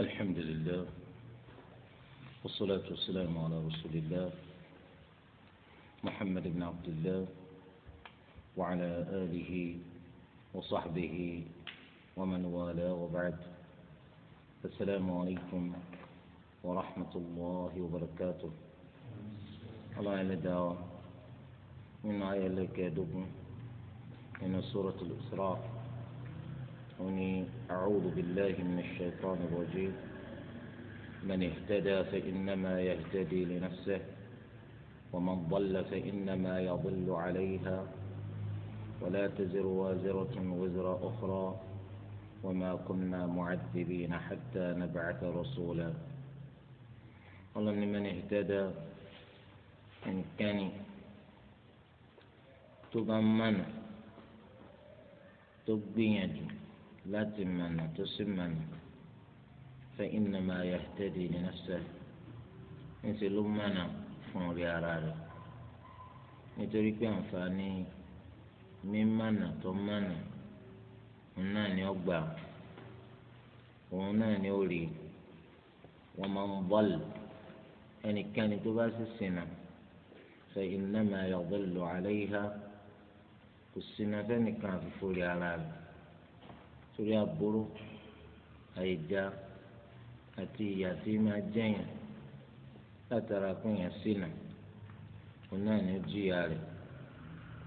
الحمد لله والصلاة والسلام على رسول الله محمد بن عبد الله وعلى آله وصحبه ومن والاه وبعد السلام عليكم ورحمة الله وبركاته الله يلدى من آية لك يدوب من سورة الإسراء أني أعوذ بالله من الشيطان الرجيم من اهتدى فإنما يهتدي لنفسه ومن ضل فإنما يضل عليها ولا تزر وازرة وزر أخرى وما كنا معذبين حتى نبعث رسولا قال إن من اهتدى إن كان تضمن تبين láti mọ̀nà tó sì mọ̀nà fẹ́ innama yahtadi li nafsihi níṣẹ́ ló mọ̀nà fún orí ara rẹ̀ nítorí pé àǹfààní mímọ̀nà tó mọ̀nà òun náà ni ó gbà òun náà ni ó rí wa man dalla ẹnikẹ́ni tó bá sì ṣìnà fa innama yadillu alayha kò ṣìnà fẹ́nìkan àfi fúri ara rẹ̀. sórí aburú àìjà àti ìyà tí máa jẹyàn látara pé yẹn ṣìnà òun náà ní jìyà rẹ̀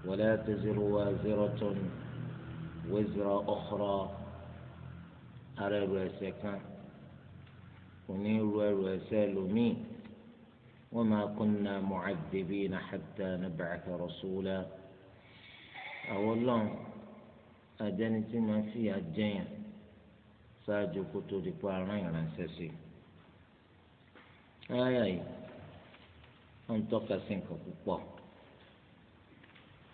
wala taziru waziratun wizra ukhra ara ẹrù ẹ̀ṣẹ̀ kan kò ní ru ẹrù ẹ̀ṣẹ̀ lómìn wa ma kunna mu'adhibina hatta nab'atha rasula àwọn Ọlọ́run. àjẹni tí máa fi àjẹyàn ṣáájú kó tó di pa arán ìránṣẹ́ sí i. ayà yìí wọ́n ń tọ́ka sí nǹkan púpọ̀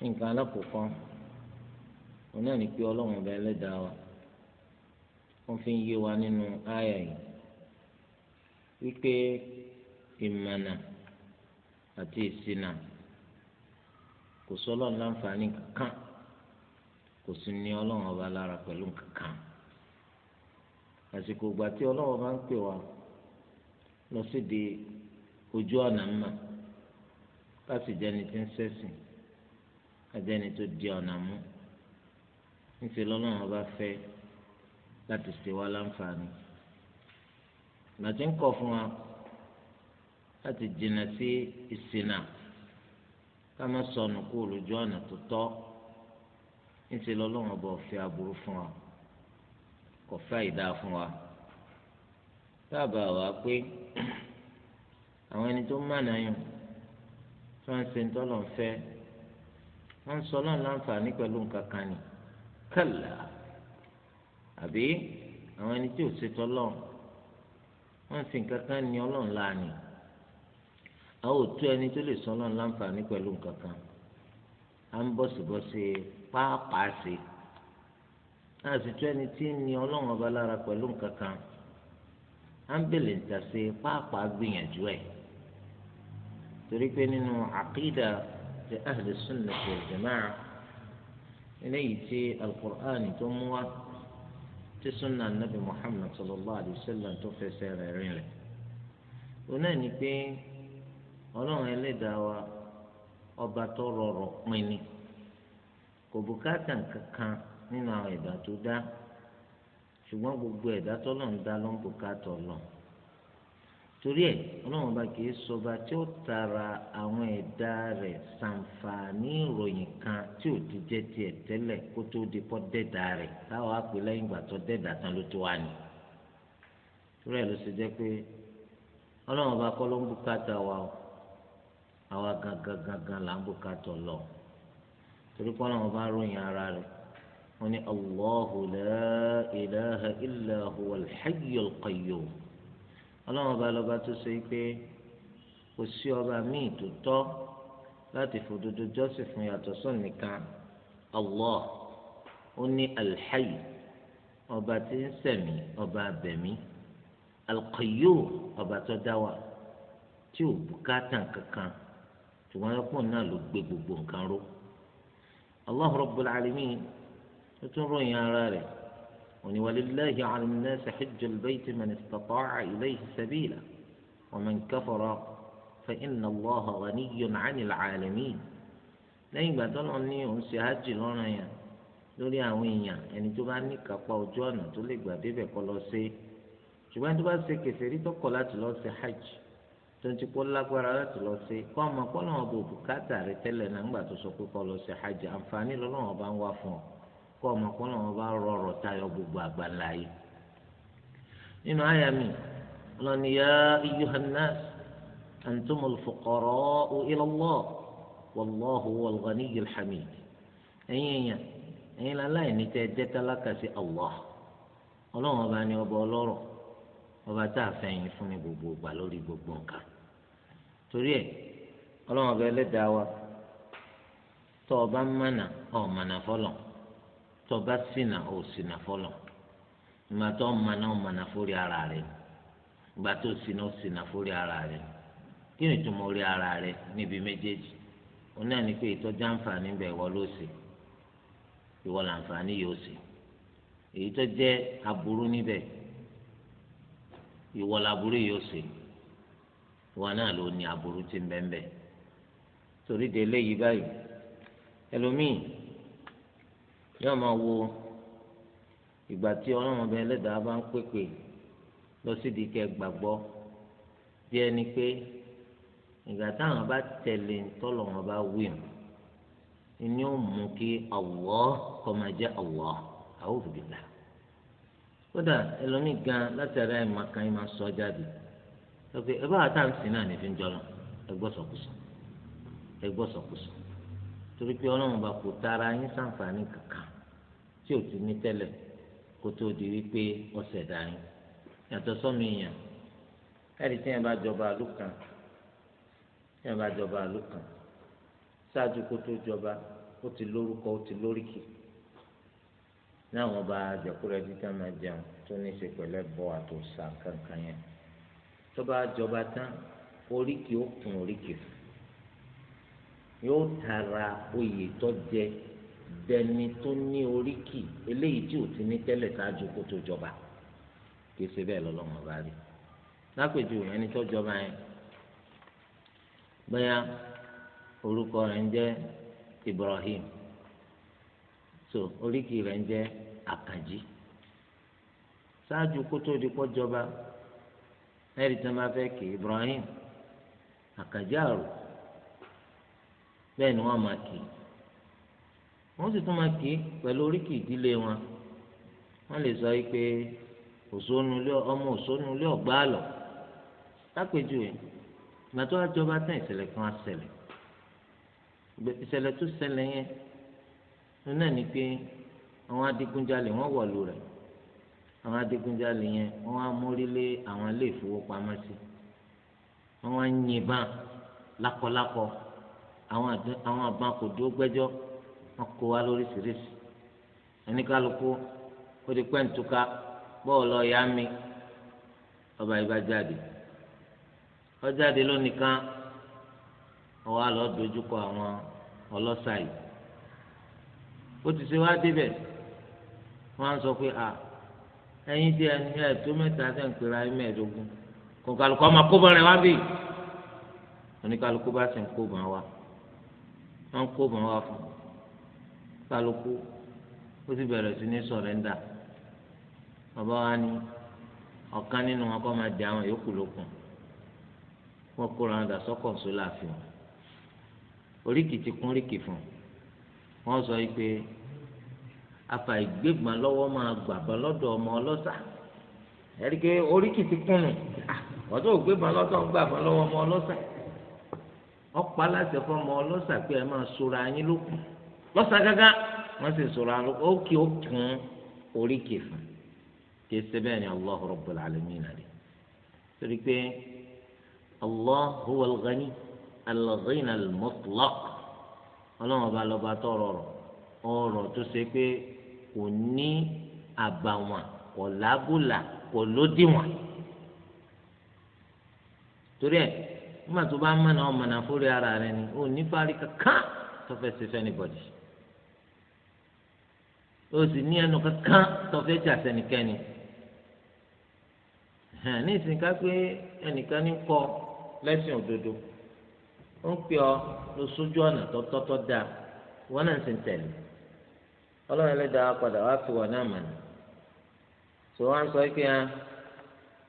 nǹkan alákòókò òun náà ní pé ọlọ́run ọba ẹlẹ́dàá wa wọ́n fi ń yé wa nínú ayà yìí wípé ìmọ̀nà àti ìṣìnà kò sọ́lọ́ láǹfààní kankan kò sí ní ọlọ́run ọba lára pẹ̀lú kankan àsìkò ìgbà tí ọlọ́run ọba ń pè wá lọ sí di ojú ọ̀nà mọ̀ láti jẹni tí ń ṣẹ̀sìn ajẹni tó di ọ̀nà mú níṣẹ́ lọ́lọ́run ọba fẹ́ láti ṣe wá láǹfààní ìgbà ń kọ̀ fún wa láti jìnnà sí ìṣìnà ká má sọnù kó olùjọ́ ọ̀nà tó tọ́ ńṣe lọ́lọ́run ọba ọ̀fẹ́ aburú fún wa kò fẹ́ ìdá fún wa sábà wá pé àwọn ẹni tó mànà yàn tí wọ́n ń ṣe ńtọ́lọ̀ fẹ́ wọ́n ń sọ náà láǹfààní pẹ̀lú nǹkan kan ni kàlà àbí àwọn ẹni tí ò ṣe tọ́lọ̀ wọ́n ń sin nǹkan ni ọlọ́run láàánì àwọn òtún ẹni tó lè sọ náà láǹfààní pẹ̀lú nǹkan à ń bọ̀sibọ́sí pàápàá ṣe náà sì tún ẹni tí ń ní ọlọ́run ọba lára pẹ̀lú nǹkan kan á ń bèlè ń tà ṣe pàápàá gbìyànjú ẹ̀ torí pé nínú àkídà ti ahli sunnah wal jamaa'ah eléyìí tí alukur'an tó mú wá tí sunnah nabi muhammad sallallahu alayhi wa sallam tó fẹsẹ̀ rẹ̀ rìn rẹ̀ òun náà ni pé ọlọ́run ẹlẹ́dàá wa ọba tó rọrọ̀ pin ni kò bùkátà kankan nínú àwọn ẹ̀dá tó dá ṣùgbọ́n gbogbo ẹ̀dá tọ́lọ̀ ń dá ló ń bùkátà ọlọ́run torí ẹ̀ ọlọ́run bá kì í sọba tí ó tara àwọn ẹ̀dá rẹ̀ ṣàǹfààní ìròyìn kan tí ò ti jẹ́ tiẹ̀ tẹ́lẹ̀ kó tó di pọ́ dẹ́dà rẹ̀ táwọn àpè lẹ́yìn ìgbà tó dẹ́dà tán ló tó wà ní. torí ẹ̀ ló ṣe jẹ́ pé ọlọ́run bá kọ́ ló ń bùkátà wa o àwa gangan gangan là ń bùkátà ọlọ́run torí pé ọlọ́run bá ròyìn ara rẹ̀ wọ́n ní allahu la ilaha illa huwa alhayyul qayyum ọlọ́run bá lọ́ba tó ṣe pé kò sí ọba míì tó tọ́ láti fòdodo jọ́sìn fún yàtọ̀ sóun nìkan allah ó ní alhayy ọba tí ń sẹ̀mí ọba abẹ̀mí alqayyum ọba tó dá wa tí ò bùkátà kankan ṣùgbọ́n ẹkùn náà ló gbé gbogbo nǹkan ró allah rabbul alamin ó tún ròyìn ara rẹ̀ òní walillahi ala an-nasi hijjul bayti man istata'a ilayhi sabila wa man kafara fa inna allaha ghaniyyun 'anil 'alamin lẹ́yìn ìgbà tó lọ ní òun ṣe hajj lọ́rùn yẹn lórí àwọn èèyàn ẹni tó bá ní kápá ojú ọ̀nà tó lè gbà débẹ̀ kọ́ lọ sí ṣùgbọ́n tó bá ṣe kèfèrí tó kọ̀ láti lọ ṣe hajj tonti kó lágbára láti lọ sí kó ọmọ kó lọ́wọ́ bò bùkátà rẹ tẹ́lẹ̀ náà ńgbà tó sọ pé kó lọ sí hajj àǹfààní lọ́wọ́ bá ń wá fún ọ kó ọmọ kó lọ́wọ́ bá tayọ gbogbo àgbàlá yìí. nínú àyà mi lọ́ni yá ayyuhannas ẹ̀yin èèyàn ẹ̀yin láláì ní tẹ́ jẹ́ tálákà sí bá ní torí ẹ̀ ọlọ́run ọba ẹlẹ́dàá wa tọ́ ọba mánà ọ̀mánà fọlọ̀ tọ́ ọba sínà òsínà fọlọ̀ ìgbà tó mánà ọ̀mánà fórí ara rẹ̀ ìgbà tó sínà òsínà fórí ara rẹ̀ kí ni tó mọ rí ara rẹ níbi méjèèjì òun náà ní pé ìtọ́jú àǹfààní bẹ̀ wọ́n ló ìwọ làǹfààní yóò wọn náà ló ní aburú ti ń bẹ́ẹ̀ bẹ́ẹ̀ torí de eléyìí báyìí ẹlòmíì yóò máa wo ìgbà tí ọlọ́run ẹlẹ́dàá bá ń pèpè lọ sídi kẹ gbàgbọ́ bí ẹni pé ìgbà táwọn bá tẹ̀lé ntọ́lọ́run ọba wí mu ni ó mú kí Allah kọ́ máa jẹ́ Allah a'udhu billah kódà ẹlòmíì gan látara ẹ̀ máa kan ẹ̀ máa ẹgbẹ ẹbá àtà ń sìn náà nífi ń jọlọ ẹgbọ sọkùsọ ẹgbọ sọkùsọ torí pé Ọlọ́run bá kò tara yín sàǹfààní kankan tí ò ti ní tẹ́lẹ̀ kó tó di wípé ọsẹ dání yàtọ̀ sọmi èèyàn ẹni tí yẹn bá jọba àlù kan tí yẹn bá jọba àlù kan ṣáájú kó tó jọba ó ti lórúkọ ó ti lóríkì náà wọn bá jẹkúrẹ títà máa jẹun tó ní í ṣe pẹ̀lú ẹbọ àtòsà kankan yẹn tó bá jọba tán oríkì ó kún oríkì yóò tara oyè tó jẹ dẹni tó ní oríkì eléyìí tí ò ti ní tẹ́lẹ̀ ṣáájú kó tó jọba kì í ṣe bẹ́ẹ̀ lọ́lọ́mọ bá rí lápèjú ẹni tó jọba yẹn bẹ́ẹ̀ orúkọ rẹ̀ ń jẹ́ Ibrahim so oríkì rẹ̀ ń jẹ́ Àkànjí ṣáájú kó tó di kó jọba lẹ́yìn tí wọ́n bá fẹ́ kí Ibrahim àkàjáàrò bẹ́ẹ̀ ni wọ́n máa kí wọ́n sì tún máa kí pẹ̀lú oríkì ìdílé wọn wọ́n lè sọ pé òsónulé ọmọ òsónulé ọ̀gbá àlọ́ lápèjúwe ìgbà tó wá jọba tán ìṣẹ̀lẹ̀ kan á ìṣẹ̀lẹ̀ tó ṣẹlẹ̀ yẹn ló náà ni pé àwọn adigunjalè wọ́n wọ̀lú rẹ̀ àwọn adigunjalè yẹn wọ́n á mórí lé àwọn ilé ìfowópamọ́sí wọ́n á yìnbọn lákọlákọ àwọn àbọn kò dúró gbẹ́jọ́ wọ́n kó wa lóríṣiríṣi ẹnikálukú ó di pẹ́ǹtùká bọ́ọ̀lù ọ̀yá mi ọba ibà jáde ọjáde lónìkan ọwọ́ àlọ́ dojúkọ àwọn ọlọ́ṣà yìí ó ti ṣe wá débẹ̀ wọ́n á sọ pé à ẹ̀yin tí ẹni mi ẹ̀tọ́ mẹ́ta tẹ̀ ń pera ẹ̀ mẹ́ẹ̀ẹ́dógún kò kálukú ọmọ kóbọ̀ rẹ̀ wá bì oníkálukú bá sì ń kóbọ̀ wá wọ́n ń kóbọ̀ wá fún kálukú ó sì bẹ̀rẹ̀ sí ní sọ̀rẹ́ńdà bàbá wa ní ọ̀kan nínú wọn kọ́ máa di àwọn yòókù lókun wọ́n kóra wọn dà sọ́kọ̀ sólà fi wọn oríkì ti kún oríkì fún wọn sọ yìí pé afa ìgbégbọn lọ́wọ́ máa gbàgbọ́ lọ́dọ̀ ọmọ ọlọ́ṣà ẹ̀rí pé oríkì ti kúnnù ọ̀dọ́ ah, ògbégbọn lọ́dọ̀ gbàgbọ́ lọ́wọ́ ọmọ ọlọ́ṣà ọ̀pá aláṣẹ fọmọ ọlọ́ṣà pé ẹ máa sora yín lókun lọ́ṣà gágá wọ́n sì sora lókun ó kì ó kún oríkì fún kí ẹsẹ bẹ́ẹ̀ ni allah rabbul alamin nàlẹ torí pé allah huwa al-ghani al-ghina al-mutlaq ọlọ́run ọba lọ́ba tọrọ ọ̀rọ̀ ọ̀rọ̀ tó ṣe pé kò ní àbàwọ́n kò lábùlà kò Tori torí ẹ̀ nígbà tó bá mọ̀nà ọ̀mọ̀nà fúri ara rẹ ni ó ní parí kankan tó ṣe fẹ́ anybody ó sì ní ẹnu kankan tó fẹ́ jà hàn ní ìsìnká pé ẹnìkan ní kọ́ lẹ́sìn òdodo ó ń pè ọ́ lọ sójú ọ̀nà tọ́tọ́tọ́ ọlọ́run ẹlẹ́dàá padà wá fi wọ̀ náà mọ̀ ní. sọ wá ń sọ pé ẹ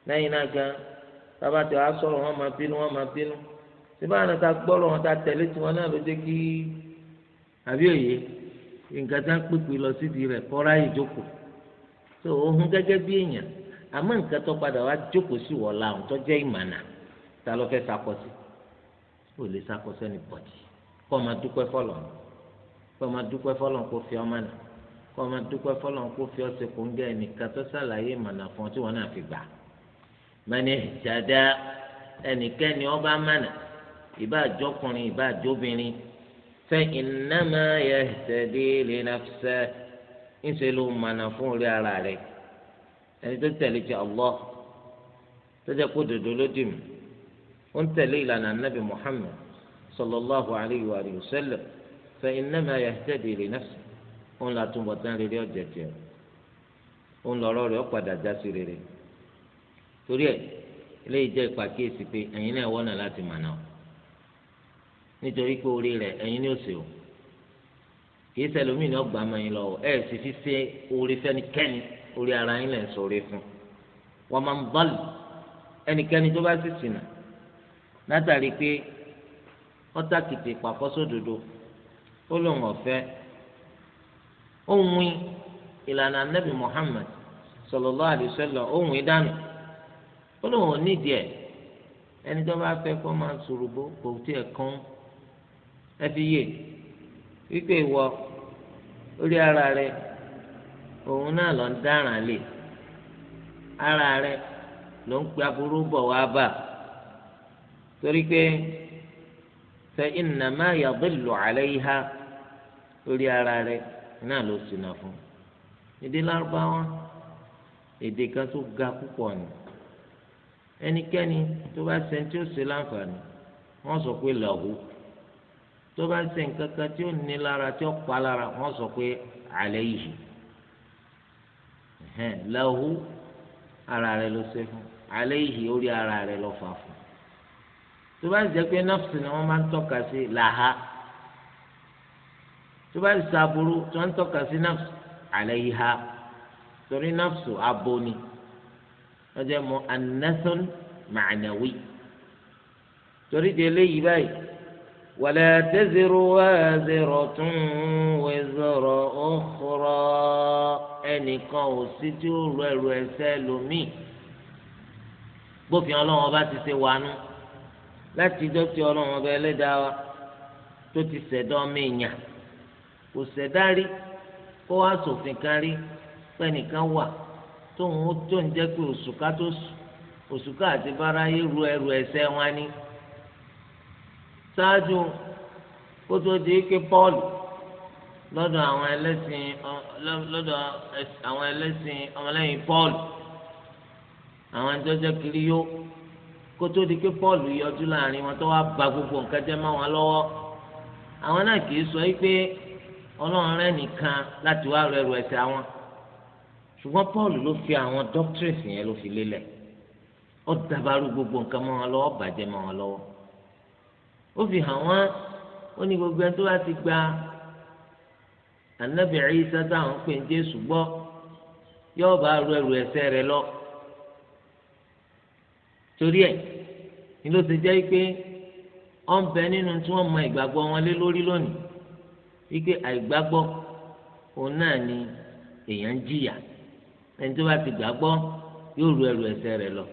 lẹ́yìn náà gan bàbá tí wàá sọ̀rọ̀ wọn máa bínú wọn máa bínú síbáà náà ta gbọ́rọ̀ wọn ta tẹ̀lé tiwọn náà ló jẹ́ kí àbí òye nǹkan tá ń pèpè lọ sídìí rẹ̀ kọ́ra ìjókòó tó ohun gẹ́gẹ́ bí èèyàn àmọ́ nǹkan tó padà wá jókòó sí wọ̀ la tó jẹ́ ìmànà ta ló fẹ́ sakọ́sí ó lè sakọ́sí ẹni pọ̀jì kọ́ ọ máa dúpẹ́ fọlọ́n kọ́ ọ máa dúpẹ́ fọlọ́n kó fi ọmọ náà kó o máa dúpẹ́ fọlọ́n kó fi ọ̀sẹ̀ kó ń gẹ́ ẹnìkan tó ṣàlàyé ìmọ̀nà fún ọ tí wọ́n náà fi gbà. mẹ́ni ìjàdá ẹnikẹ́ni ọba mánà ìbá àjọkùnrin ìbá àjọbìnrin fẹ́ ìnáma yẹ tẹ̀lé lẹ́nàfẹ́ ńṣe ló mọ̀nà fún orí ara rẹ̀ ẹni tó tẹ̀lé ti Allah tó jẹ́ kó dòdò ló mí ó ń tẹ̀lé ìlànà Nabi Muhammad sallallahu alayhi wa sallam fẹ́ ìnáma yẹ tẹ̀lé lẹ́nàfẹ́ òun là tún bọ̀tán rere ọ̀jẹ̀ tiẹ̀ òun lọ̀rọ̀ rẹ̀ ọ̀padà já sí rere torí ẹ̀ eléyìí jẹ́ ìpàkíyèsí pé ẹ̀yin náà wọ́nà láti mànà o nítorí pé orí rẹ̀ ẹ̀yin ní òsè o kìí sẹlómìnì ọgbà máa yín lọ́wọ́ ẹ̀ sì fi ṣe orí fẹ́nikẹ́ni orí ara yín lẹ̀ ń sọ̀rọ̀ fún wọ́n máa ń bọ́ọ̀lù ẹnikẹ́ni tó bá sì ṣìnà látàrí pé ọ́tàkìtì pàkọ́sódodo ó lóun ọ̀fẹ́ ohun ìlànà anabi muhammad sallallahu alaihi wasallam ohun ìdánù ó lóun ò nídìí ẹ ẹni tó bá fẹ́ kó máa sòrògbó kò tiẹ̀ kán ẹ fi yé wípé ìwọ orí ara rẹ òun náà lọ ń dáràn lè ara rẹ ló ń pe aburú bọ̀ wá bà torí pé fẹ fa innama yadillu alayha orí ara rẹ. náà ló ṣìnà fún èdè lárúbáwá èdè kan tó ga púpọ̀ ni ẹnikẹ́ni tó bá ṣe tí ó ṣe láǹfààní wọ́n sọ pé làwù tó bá ṣe nǹkan kan tí ó ní lára tí ó pa lára wọ́n sọ pé àlẹ́ yìí làwù ara rẹ̀ ló ṣe fún àlẹ́ yìí orí ara rẹ̀ ló fà fún tó bá jẹ́ pé nọ́ọ̀sì ni wọ́n máa ń tọ́ka sí làhá tó bá sa aburú tó ń tọ́ka sí nafsu alayha torí nafsu abo ni wọ́n jẹ́ mọ́ anason ma'nawi torí di eléyìí báyìí wala taziru waziratun wizra ukhra ẹnìkan ò sí tí ó rọ ẹrù ẹ̀ṣẹ̀ lómi bófin ọlọ́run ọba ti ṣe wàánu láti ìjọ tí ọlọ́run ẹlẹ́dàá wa tó ti ṣẹ̀dọ́ mí yàn kò ṣẹ̀dá rí kó wá sòfin kan rí pẹ́nìkan wà tóun ó tó ń jẹ́ pé òṣùká tó òṣùká àti báráyé ru ẹrù ẹ̀ṣẹ̀ wọn ni ṣáájú kó tó di ike pọ́ọ̀lù lọ́dọ̀ àwọn ẹlẹ́sìn lọ́dọ̀ àwọn ẹlẹ́sìn ọmọlẹ́yìn pọ́ọ̀lù àwọn ẹni kiri yó kó di ike pọ́ọ̀lù yọjú láàrin wọn tó wá ba gbogbo nǹkan jẹ́ mọ́ wọn lọ́wọ́ àwọn náà kì í sọ pé ọlọ́run rẹ nìkan láti wá rẹrù ẹ̀ṣẹ̀ àwọn ṣùgbọ́n paul ló fi àwọn doctors yẹn ló fi lélẹ̀ ó dàbàrú gbogbo nǹkan mọ́ wọn lọ́wọ́ bàjẹ́ mọ́ wọn lọ́wọ́ ó fi hàn wọ́n ó ní gbogbo ẹni tó bá ti gba anabi Isa táwọn ń pè ní Jésù gbọ́ yóò bá rẹrù ẹ̀ṣẹ̀ rẹ lọ torí ẹ̀ ni ló ti jẹ́ pé ó bẹ nínú tí wọ́n mọ ìgbàgbọ́ wọn lé lórí lónìí wípé àìgbàgbọ́ òun náà ni èèyàn ń jìyà ẹni tó bá ti gbàgbọ́ yóò ru ẹrù ẹ̀ṣẹ̀ rẹ̀ lọ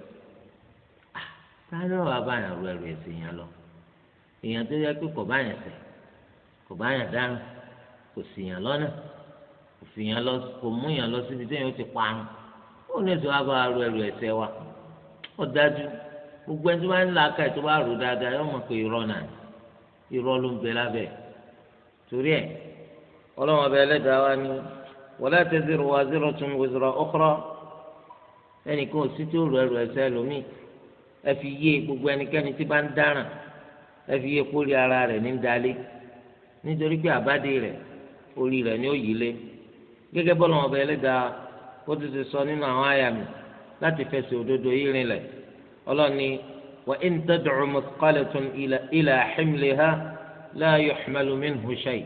ah, táwọn wàá bá yàn ru ẹrù ẹ̀ṣẹ̀ yẹn lọ èèyàn tó yẹ pé kò bá yàn ṣẹ̀ kò bá yàn kò sì yàn lọ́nà kò fi yàn lọ kò mú yàn lọ síbi téèyàn ti parun ó ní ètò wàá ru ẹrù ẹ̀ṣẹ̀ wa ó dájú gbogbo ẹni tó bá ń la aka ẹ tó bá rò dáadáa yóò mọ̀ pé irọ́ náà irọ́ ló ń bẹ lábẹ́ ẹ̀ torí ẹ̀ ọlọ́wọ́n ọba ẹlẹ́dàá wa ni wọlé àtẹ̀sírò wa zero tún wòzìrò ọkọ̀rọ̀ ẹnì kan ò sí tí ó rọ ẹrù ẹ̀ṣẹ̀ lómi ẹ fi yé gbogbo ẹnikẹ́ni tí bá ń dáràn ẹ fi yé kórè ara rẹ̀ ní dalé nítorí pé àbádé rẹ̀ orí rẹ̀ ni ó yí lé gẹ́gẹ́ bọ́lọ́wọ́n ọba ẹlẹ́dàá ó ti ti sọ nínú àwọn àyà mi láti fẹsẹ̀ òdodo yìí rinlẹ̀ ọlọ́ni wà ń tẹ́dùrú mọ́tòkálẹ̀ tún ilà ilà àhímlẹ̀ ha la yuhmalu minhu shay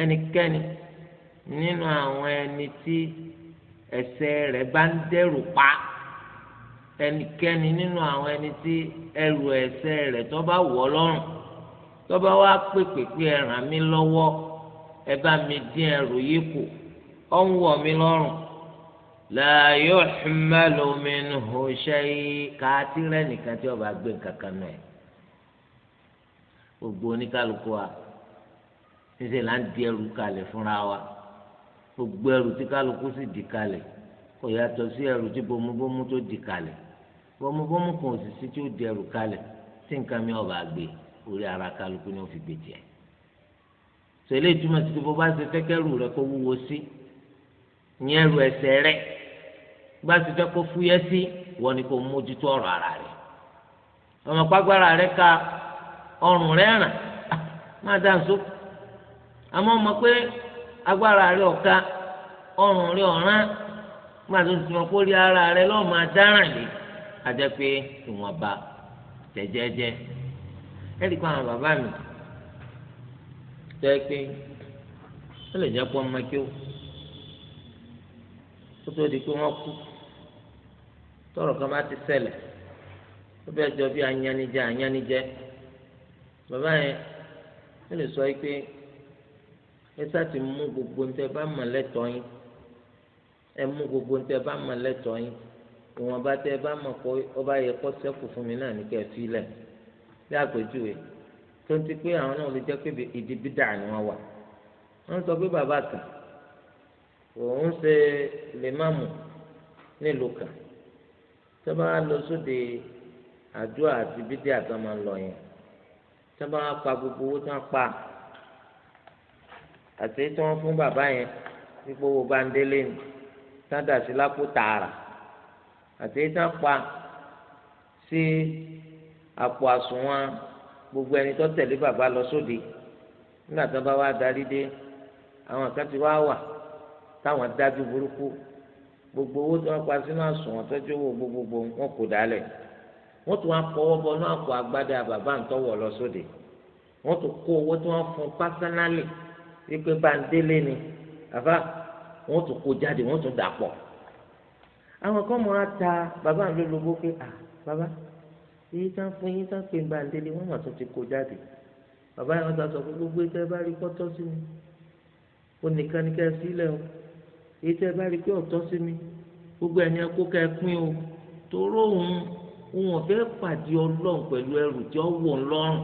ẹnikẹ́ni nínú àwọn ẹni tí ẹ̀ṣẹ̀ rẹ̀ bá ń dẹ́rù pa ẹnikẹ́ni nínú àwọn ẹni tí ẹrù ẹ̀ṣẹ̀ rẹ̀ tó bá wọ̀ lọ́rùn tó bá wá pèpè pé ẹ ràn mí ẹ bá mi dín ẹrù yìí kù ó ń wọ̀ mí lọ́rùn la yuhmalu minhu shay kàá tí nìkan tí ọba gbé kankan náà gbogbo oníkálukú wa ṣíṣe là ń di ẹrù kalẹ̀ fúnra wa gbogbo ẹrù tí kálukú sì di kalẹ̀ kò yàtọ̀ sí ẹrù tí bomubomu tó di kalẹ̀ bomubomu kan ò sì sí tí ó di ẹrù kalẹ̀ tí nǹkan mi ọba gbé orí ara kálukú ni ó fi gbé jẹ sọlẹ ìtumọ̀ sí bó bá ṣe fẹ́ rẹ kó wúwo sí ìyẹn ẹrù ẹsẹ̀ rẹ bá ṣe fẹ́ kó fúyẹ́ sí wọ́n ni kó mójútó ọ̀rọ̀ ara rẹ ọmọ ọrùn rẹ̀ ràn ah, máa dá nsọ àmọ́ mọ̀ pé agbára rẹ̀ ọ̀ka ọrùn rẹ̀ ọ̀ràn máa tó ti kó rí ara rẹ̀ lọ́ọ́ dáràn lé ajẹ́ pé ìwọ̀nba jẹ́jẹ́jẹ́ ẹ̀rí kan àwọn bàbá mi tọrọ kan bá ti ó bẹ́ẹ̀ jọ bàbá yẹn ó lè sọ pé ẹ sá ti mú gbogbo ní tẹ bá mọ̀ lẹ́tọ̀ọ́ yín ẹ mú gbogbo ní tẹ bá mọ̀ lẹ́tọ̀ọ́ yín ìwọ̀n bá tẹ bá mọ̀ kó ọba yẹ kó sẹ́kù fún mi náà ní kẹ́ ẹ fi lẹ̀ bí àpèjúwe tó ń ti pé àwọn náà lè jẹ́ pé ìdí bídà ni wọ́n wà wọ́n sọ pé bàbá kan òun ṣe lèmáàmù nílùú kan tó bá lọ sóde àdúrà àti bídà tó máa yẹn tí wọ́n bá pa gbogbo owó tí wọ́n pa àti tí wọ́n fún bàbá yẹn wípé owó bandélé ni tí wọ́n dà sí lápò tààrà àti tí wọ́n pa sí àpò àsùnwọ̀n gbogbo ẹni tó tẹ̀lé bàbá lọ sóde nígbà tí wọ́n bá wá darí dé àwọn kan ti wá wà táwọn dájú burúkú gbogbo owó tí wọ́n pa sínú àsùnwọ̀n tọ́jú owó gbogbogbò wọn kò dálẹ̀ wọ́n tún wá fọwọ́ bọ náà kó agbádá bàbá ntọ́wọ̀ lọ sóde wọ́n tún kó owó tí wọ́n fún pásánálì wípé báńdélé ni àbá wọ́n tún kó jáde wọ́n tún dà pọ̀ àwọn kan mọ̀ á ta bàbá ńlọ́lọ́gbó pé à bàbá èyí tá fún yín tá pé báńdélé wọ́n mà tún ti kó jáde bàbá yẹn wọ́n ta sọ pé gbogbo ètò bá rí kọ́tọ́ sí mi ó ní ká sílẹ̀ o èyí tẹ́ bá rí pé sí mi gbogbo ẹ̀ o wọn ò fẹ́ pàdé ọlọ́run pẹ̀lú ẹrù tí ó wọ̀ ńlọ́rùn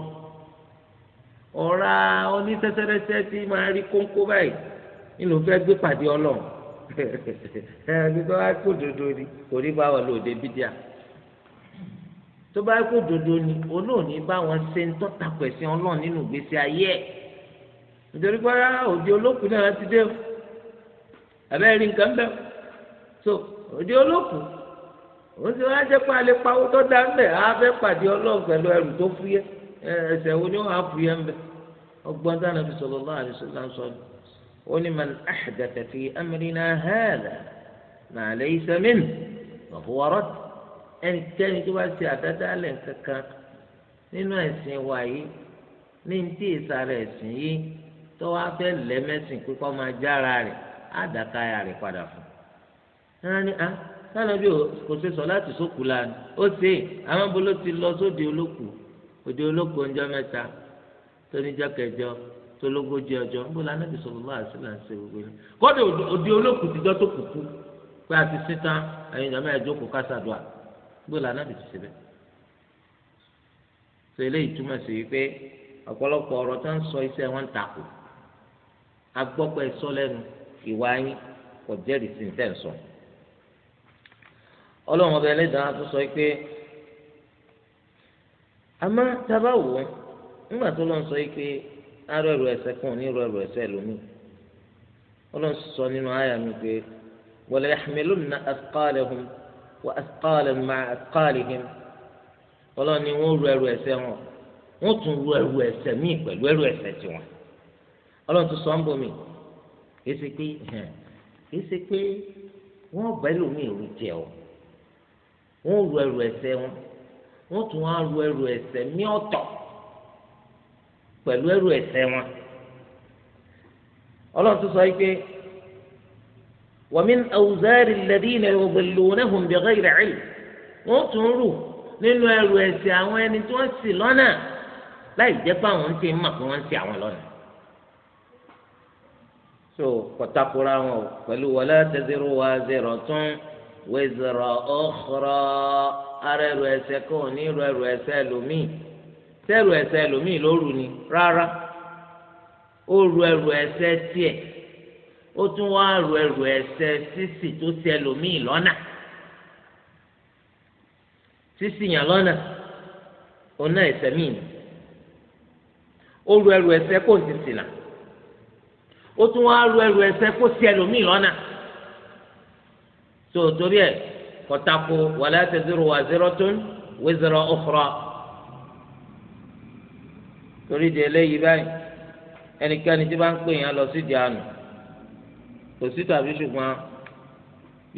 ọ̀ra onísẹ́sẹ́rẹ́sẹ́ tí máa rí kóńkó báyìí nínú fẹ́ gbé pàdé ọlọ́run ẹ ẹni tó bá kó dodo ni kò ní bá wọn lò dé bídíà tó bá kó dodo ni olóòní bá wọn ṣe ń tọ́ta pẹ̀sìn ọlọ́run nínú ìgbésí ayé ẹ̀ nítorí pé ah, òdi olókùn náà ti dé o àbẹ́rẹ́ nǹkan bẹ́ẹ̀ so òdi olókùn òun ti wá jẹ́ pé alẹ́ pawó tó dá ńbẹ̀ á fẹ́ pàdé ọlọ́run pẹ̀lú ẹrù tó wo ni ni ma laysa minhu fa huwa radd na tó bá ṣe àdádálẹ̀ kankan nínú ẹ̀sìn wa yìí ní ti ìsàrẹ̀ ẹ̀sìn yìí tó wá yi lẹ́mẹ̀sìn pípọ́ máa jára rẹ̀ á padà fún lánàá bí kò ṣe sọ láti sókù lánàá ó ṣe àwọn bolo ti lọ sóde olóku òde olóku ọjọ́ mẹ́ta tó níjọ́ kẹjọ tó lógójì ọjọ́ ń bọ lánàá bí sọlọ bá àṣìlá ṣe gbogbo yẹn kódà òde olóku ti jọ tó kùkú pé a ti sí tán ẹyin ìjọba ẹjọ kò kásádùá ń bọ lánàá bí ti ṣe bẹ́ẹ̀. sọ eléyìí túmọ̀ sí wípé ọ̀pọ̀lọpọ̀ ọ̀rọ̀ tó ń sọ iṣẹ́ wọn takò agbọ́pẹ́ sọ lẹ́nu ìwà yín kò jẹ́rìí sí ní tẹ̀sán ọlọ́run ọba ẹlẹ́dàá tó sọ pé àmọ́ tábà wò ó nígbà tó lọ́n sọ pé arọ ẹrù ẹ̀ṣẹ̀ kan ní rọ ẹrù ẹ̀ṣẹ̀ lómi ọlọ́run sọ nínú àyà mi pé wala yahmilunna athqalahum wa athqalan ma'a athqalihim ọlọ́run ni wọ́n rú ẹrù ẹ̀ṣẹ̀ wọn wọ́n tún rú ẹrù ẹ̀ṣẹ̀ míì pẹ̀lú ẹrù ẹ̀ṣẹ̀ tiwọn ọlọ́run tún sọ ń bomi kì kì í ṣe pé wọ́n bẹ́ẹ̀ lómi ìrù jẹ́ o wọn ò ru ẹrù ẹ̀ṣẹ̀ wọn wọn tún á ru ẹrù ẹ̀ṣẹ̀ mí ọ̀tọ̀ pẹ̀lú ẹrù ẹ̀ṣẹ̀ wọn Ọlọ́run tún sọ yìí pé wàmí awùzárì lẹ́dínà yudillunahum bighayri ilm wọn tún rù nínú ẹrù ẹ̀ṣẹ̀ àwọn ẹni tí wọ́n ṣì lọ́nà láì jẹ́ pé àwọn ń ṣe pé wọ́n ń àwọn lọ́nà so kọtakura wọn pẹ̀lú wala taziru waziratun. wizra ukhra ara ẹrù ẹ̀ṣẹ̀ kan ní ru ẹrù ẹ̀ṣẹ̀ lòmíì sẹ́rù ẹ̀ṣẹ̀ lòmíì ló ni rárá ó ru ẹrù ẹ̀ṣẹ̀ tiẹ̀ ó tún wá ru ẹrù ẹ̀ṣẹ̀ sisi tó ti ẹlòmíì lọ́nà sisi yàn lọ́nà ọ̀nà ẹ̀ṣẹ̀ míì ni ó ru ó tún ru tó torí ẹ kọtako wàlẹ́ àtẹ̀zẹ́rò wà zero tún wíṣọ̀rọ̀ ọ̀fọ̀rọ̀ torí di eléyìí báyìí ẹnikẹ́ni tí bá ń pè yẹn lọ sídìí àná kò sí tàbí ṣùgbọ́n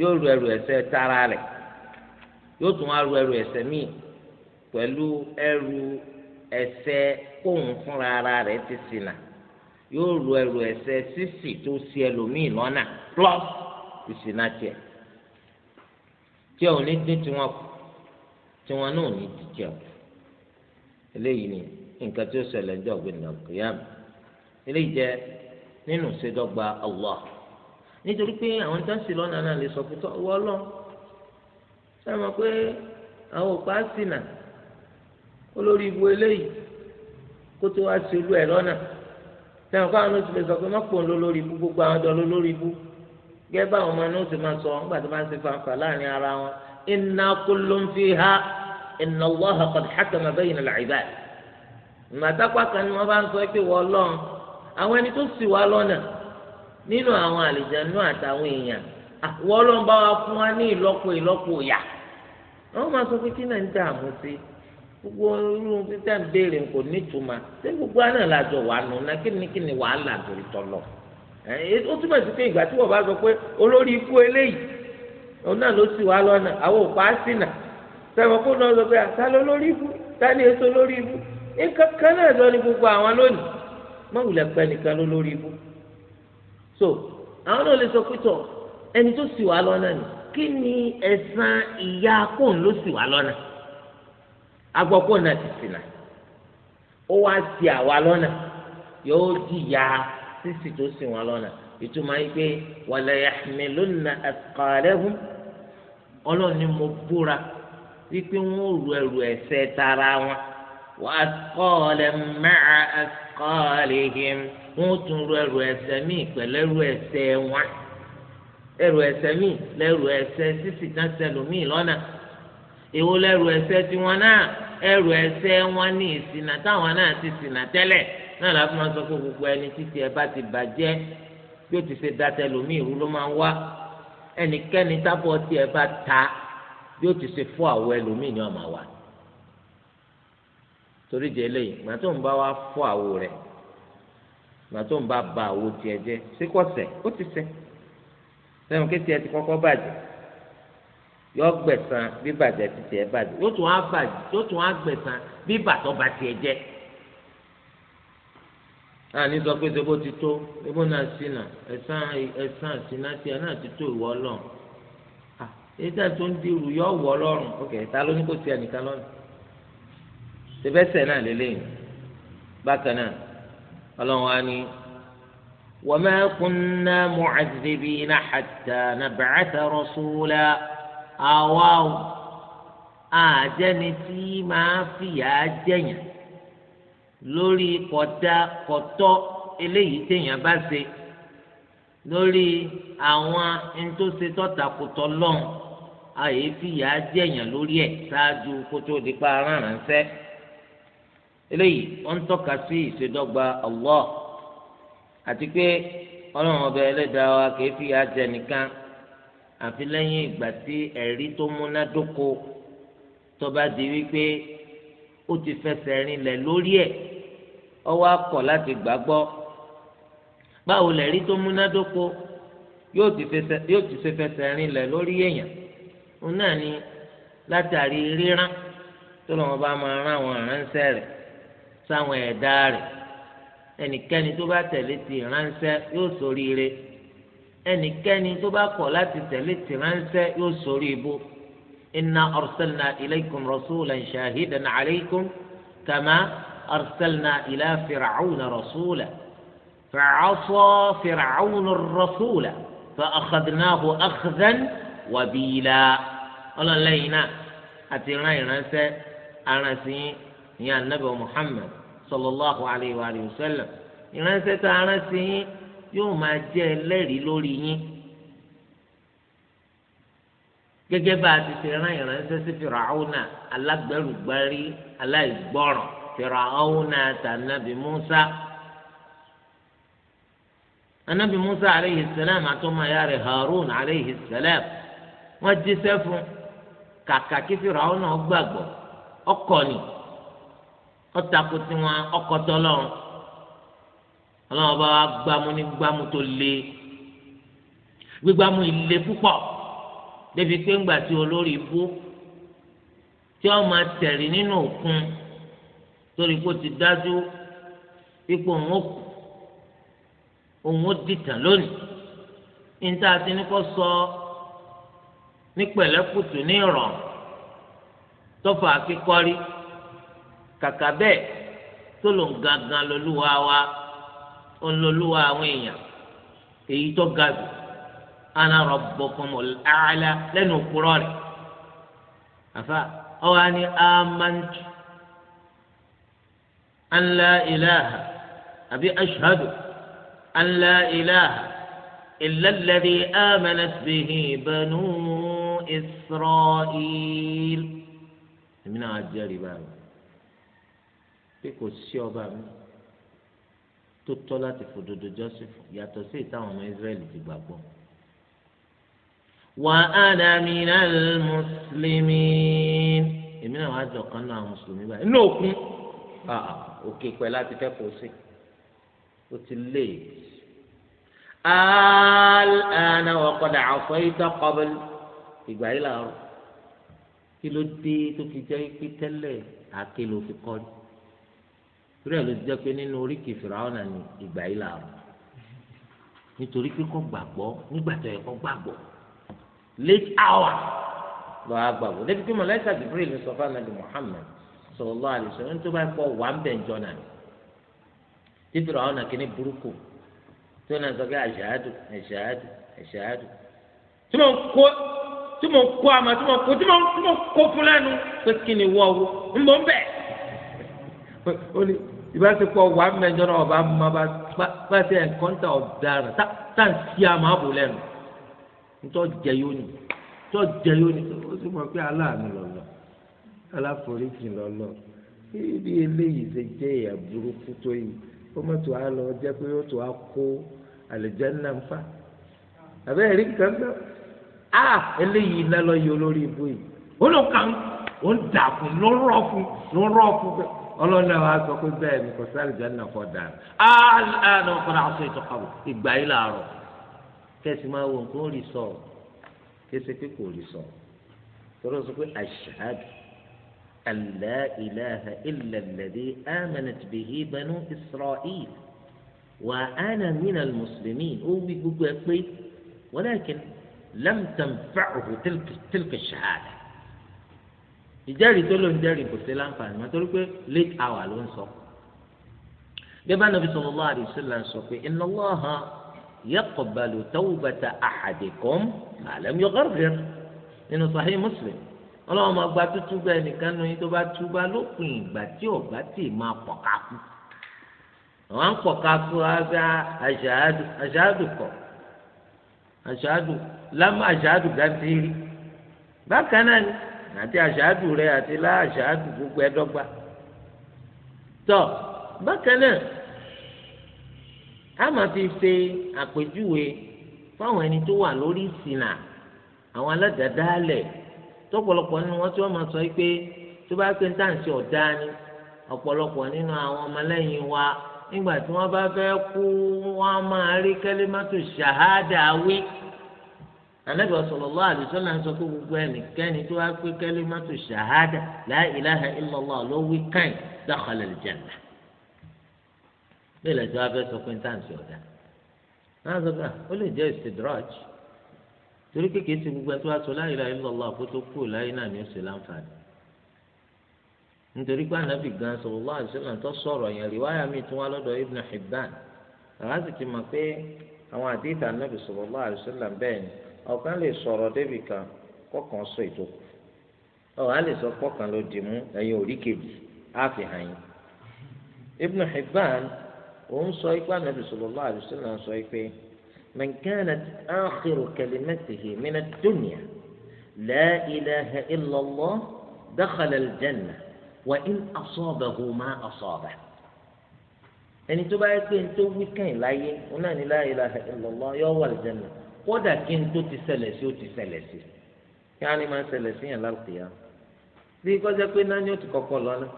yóò ru ẹrù ẹ̀ṣẹ̀ tara rẹ̀ yóò tún wá ru ẹrù ẹ̀ṣẹ̀ míì pẹ̀lú ẹrù ẹ̀ṣẹ̀ kóun fúnra ara rẹ̀ ti ṣìnà yóò ru ẹrù ẹ̀ṣẹ̀ sísì tó ṣì ẹlòmíì lọ́nà plus ìṣìnà tiẹ̀ tí ò ní dín tiwọn kù náà ò ní dín eléyìí ni nǹkan tí ó ṣẹlẹ̀ ní ọ̀gbìn náà kìyàm eléyìí jẹ́ nínú ìṣèdọ́gba Allah nítorí pé àwọn táǹsì lọ́nà náà lè sọ lọ sáà mọ̀ pé àwọn ibu eléyìí kó tó wá sí olú ẹ̀ lọ́nà mọ̀ pé àwọn lè sọ pé ibu gbogbo àwọn ibu. gẹ́gẹ́ bá àwọn ọmọ náà ti máa sọ nígbà tí wọ́n máa ń ṣe fanfa láàrin ara wọn inna kullun ha inna Allaha qad hakama bayna al-ibad ìmọ̀tàpá kan ni wọ́n bá ń sọ pé wọ́n lọ́n àwọn ẹni tó sì wá lọ́nà nínú àwọn àlìjánu àtàwọn èèyàn àwọn ọlọ́run bá wa fún wa ní ìyà wọ́n sọ pé kí náà ń dààmú sí gbogbo irú títà ń béèrè kò gbogbo ó túmọ̀ sí pé ìgbà tí wọ́n bá sọ pé olórí ikú eléyìí òun náà ló sì wá lọ́nà àwọn òpá sínà sẹ́wọ̀n kó náà sọ pé àtàlọ́ lórí ikú tani èso lórí ikú nǹkan kan náà lọ ní gbogbo àwọn lónìí mọ̀wùlẹ̀ pẹ́ nìkan ló lórí ikú so àwọn náà lè sọ pé tọ̀ ẹni tó sì wá lọ́nà ni kí ni ẹ̀san ìyá kóun ló sì wá lọ́nà agbọ́pọ̀ náà ti sìnà ó wá sí àwa lọ́nà yóò jìyà sísì tó sì wọn lọ́nà ìtumọ̀ yìí pé wàlẹ̀ yàmìlónà ẹ̀kọ́lẹ́hùn ọlọ́run ni mo búra wípé wọ́n ò ru ẹrù ẹ̀ṣẹ̀ tara wọn wà á kọ́ọ̀lẹ̀ mẹ́à ẹ̀kọ́lẹ́hìn wọ́n ó tún ru ẹrù ẹ̀ṣẹ̀ míì pẹ̀lú ẹrù ẹ̀ṣẹ̀ wọn ẹrù ẹ̀ṣẹ̀ míì lẹ́rù ẹ̀ṣẹ̀ sísì tán sẹlòmíì lọ́nà èwo lẹ́rù ẹ̀ṣẹ̀ tiwọn náà ẹrù ẹ̀ṣẹ̀ wọn ní ìṣìnà táwọn náà ti ṣìnà tẹ́lẹ̀ náà la fi máa sọ pé gbogbo ẹni títí ẹ bá ti bàjẹ́ bí ó ti ṣe da tẹlòmíì rú ló máa ń wá ẹnikẹ́ni tábọ̀ tí ẹ bá ta bí ó ti ṣe fọ́ àwọ̀ ẹlòmíì ni ọ̀ma wà torí jẹ lẹ́yìn màá tó ń bá wa fọ́ àwọ̀ rẹ̀ màá tó ń bá ba àwọ̀ tiẹ̀ jẹ́ ṣé kò ṣẹ̀ ó ti ṣẹ̀ sẹ́wọ̀n kí tiẹ̀ ti kọ́kọ́ bàjẹ́ yọ gbẹ̀san bí bàjẹ́ ti tiẹ̀ bàjẹ́ yóò tún á gbẹ̀san bí bàtọ́ ba tiẹ̀ jẹ́ náà ní sọ pé ṣe bó ti tó ebó náà sí nà ẹ̀sán ẹ̀sán àsínà tí ẹ̀ náà ti tó ìwọ ọlọ́run ètò tó ń dirù yọ wọ ọlọ́run ok ta ló ní kò sí ẹnìkan lọ́rùn tẹ́fẹ́sẹ̀ náà lélẹ́yìn bákan náà ọlọ́run á ní wa ma kunna mu'adhdhibina hatta nab'atha rasula àwa àjẹni tí máa fìyà jẹyàn lórí kọ̀dá kọ̀tọ́ eléyìí téèyàn bá ṣe lórí àwọn ntòsí tọ́takùtọ̀ lọ́n àyèéfì yà á jẹ̀yàn lórí ẹ̀ ṣáájú kó tó di pa aránránṣẹ́ eléyìí wọ́n ń sí ìṣèdọ́gba Allah àti pé ọlọ́run ọba ẹlẹ́dàá wa kìí fi yà á jẹ nìkan àfi lẹ́yìn ìgbà tí ẹ̀rí tó múnádóko tó di wípé ó ti fẹsẹ̀ rinlẹ̀ lórí ẹ̀ ọwọ́ akọ̀ láti gbàgbọ́ báwo lẹ̀rí tó múnádóko yóò ti ṣe fẹsẹ̀ rinlẹ̀ lórí èèyàn òun náà ni látàrí rírán tó lọ́wọ́ bá máa rán àwọn àránṣẹ́ rẹ̀ sáwọn ẹ̀dá rẹ̀ ẹnikẹ́ni tó bá tẹ̀lé ti ránṣẹ́ yóò ṣoríire ẹnikẹ́ni tó bá kọ̀ láti tẹ̀lé ti ránṣẹ́ yóò sórí ibú inna arsalna ilaykum rasulan shahidan alaykum kama. أرسلنا إلى فرعون رسولا فعصى فرعون الرسول فأخذناه أخذا وبيلا قال لينا أتينا ينسى أنا سي يا النبي محمد صلى الله عليه وآله وسلم ينسى أنا سي يوم جاء لري لوري gẹ́gẹ́ bá a ti ṣe rán ìránṣẹ́ sí fìràwọ́nà alágbẹ̀rùgbárí aláìgbọ́ràn fìràwọ́nà tànàbì Musa anabi Musa aleyhi salam àtọmọ ya rẹ̀ Harun aleyhi salam wọ́n jíṣẹ́ fún kàkà kí fìràwọ́nà gbàgbọ́ ọkọ ni ọtakò tiwọn ọkọ tọlọ́run le púpọ̀ débi pé ńgbà tí olórí bú tí wọ́n máa tẹ̀rí nínú òkun. torí pé ó ti dájú pípé òun ó òun ó dìtàn lónìí níta ti ní kó sọ ní pẹ̀lẹ́kùtù ní ìrọ̀rùn tọ́fà akíkọ́rí kàkà bẹ́ẹ̀ tó lòun gangan lolúwa wa òun àwọn èèyàn èyí tó ga jù ana rabbukumul a'la lẹ́nu òkúrọ́ rẹ̀ àfa ọ̀hání amantu. أن لا إله أبي أشهد أن لا إله إلا الذي آمنت به بنو إسرائيل من أجل بابا بكو سيو بابا تطلت فدود جوسف يتسيت عم إسرائيل في بابا وأنا من المسلمين من أجل قناة مسلمين إنه آه. òkè pẹ̀ láti fẹ́ kó sí ó ti lé e. àlànà ọ̀kadà àfọ ìdọ́kọ̀bẹ́l ìgbà yìí làárọ̀ kí ló dé tó fi jẹ́ pé tẹ́lẹ̀ àké ló fi kọ́ ni torí ẹ̀ ló ti jẹ́ pé nínú oríkì fìràwọ̀nà ni ìgbà yìí làárọ̀ nítorí pé kò gbàgbọ́ nígbà tó yẹ kó gbàgbọ́ late hour lọ́wọ́ gbàgbọ́ débi pé mọ̀lẹ́sà Jibril sọ fún anabi Muhammad sallallahu alaihi wasallam tó bá kọ́ wà ń bẹ̀ ń jọ náà tí Fìràwọ́n náà kíní burúkú tó náà sọ pé àṣàádù àṣàádù àṣàádù tí mo kó tí mo kó àmọ́ tí mo kó tí mo kó fún lẹ́nu pé kí ni wọ́ wo ń bọ̀ ń bẹ̀ ìbáṣepọ̀ wà ń bẹ̀ ń náà ọba má bá ṣe ẹ̀ńkọ́ńtà ọ̀daràn tá à ń ṣí àmọ́ àbò lẹ́nu ntọ́ jẹ yóni tọ́ jẹ yóni ó sì mọ̀ pé aláàánú lọ́lọ́ aláforíjì lọ́lọ́ ibi eléyìí ṣe jẹ́ ìyà burúkú tó yìí ó má tó a lọ jẹ́ pé ó tó a kó àlùjánnà ń fa àbẹ́ ẹ̀rí kan gbọ́ a eléyìí iná lọ yọ olórí ibú yìí ó lọ kàn ó ń dà fún ló ń rọ̀ fún ló ń rọ̀ fún bẹ́ẹ̀ ọlọ́nà wa sọ pé bẹ́ẹ̀ ni kò sí àlùjánnà kọ́ dà áàlù ọ̀kọ́dà aṣọ ìtọ́kọ̀wò ìgbà yìí làárọ̀ kẹ́sì máa wọ nǹkan ó rí sọ̀rọ̀ kẹ́sì pé kò rí sọ̀rọ̀ tọ́lọ́ sọ pé àṣàdù أن لا إله إلا الذي آمنت به بنو إسرائيل وأنا من المسلمين ولكن لم تنفعه تلك تلك الشهادة ìjẹ́rìí tó ló ń jẹ́rìí kò sí láǹfààní mọ́ torí pé late hour ló ń sọ. gẹ́gẹ́ nàbí sallallahu alaihi wasallam sọ pé inna Allaha yaqbalu tawbata ahadikum ma lam yugharghir nínú Sahih Muslim. ọlọ́run máa gba tútú bá ẹnìkan nu yín tó bá tú bá lópin ìgbà tí ọ̀gbá tì máa pọ̀ káku àwọn ń pọ̀ káku abẹ́ àṣàádù kọ̀ àṣàádù lámà àṣàádù gàdìrì bákan náà ni àti àṣàádù rẹ àti lá àṣàádù gbogbo ẹ dọ́gba tọ bákan náà a máa fi ṣe àpèjúwe fáwọn ẹni tó wà lórí ìsìnà àwọn aládàádáálẹ̀ tọ́pọ̀lọpọ̀ nínú wọn tí wọ́n máa sọ yìí pé tó bá pé ń tàǹsì ọ̀dá ni ọ̀pọ̀lọpọ̀ nínú àwọn ọmọlẹ́yìn wa nígbà tí wọ́n bá fẹ́ kú wọ́n máa rí kẹ́límátù ṣàhádà wí. Ànábì sallallahu alaihi wasallam sọ pé gbogbo ẹnikẹ́ni tó bá pé kẹ́límátù ṣàhádà la ilaha illallah ló wí kàn dakhala al bí ilẹ̀ tí wọ́n fẹ́ sọ pé ń tàǹsì ọ̀dá. wọ́n sọ pé ah, ó lè jẹ́ ìsìdírọ́jì. torí kékeré ti gbogbo ẹtí wá sọ la ilaha illallah àpótò kú láyé náà ní oṣù láǹfààní nítorí pé ànábì gan sallallahu alaihi wasallam tó sọ̀rọ̀ yẹn Ibn Hibban àwọn sì ti mọ̀ pé àwọn àdéhìtà ànábì sallallahu ben wasallam bẹ́ẹ̀ ni ọ̀kan lè sọ̀rọ̀ débì kan kọ̀ọ̀kan sọ ìtòkù ọ̀hán lè sọ pọ̀kan ló dì mú ẹ̀yin òrí kejì Ibn Hibban òun sọ ipá ànábì sọ من كانت آخر كلمته من الدنيا لا إله إلا الله دخل الجنة وإن أصابه ما أصابه يعني تبعي كين توفي كين لاين وناني لا إله إلا الله يوم الجنة قد كين تتسلسي سلسي يعني ما سلسي على القيام في قد كين ناني وتكوكول أنا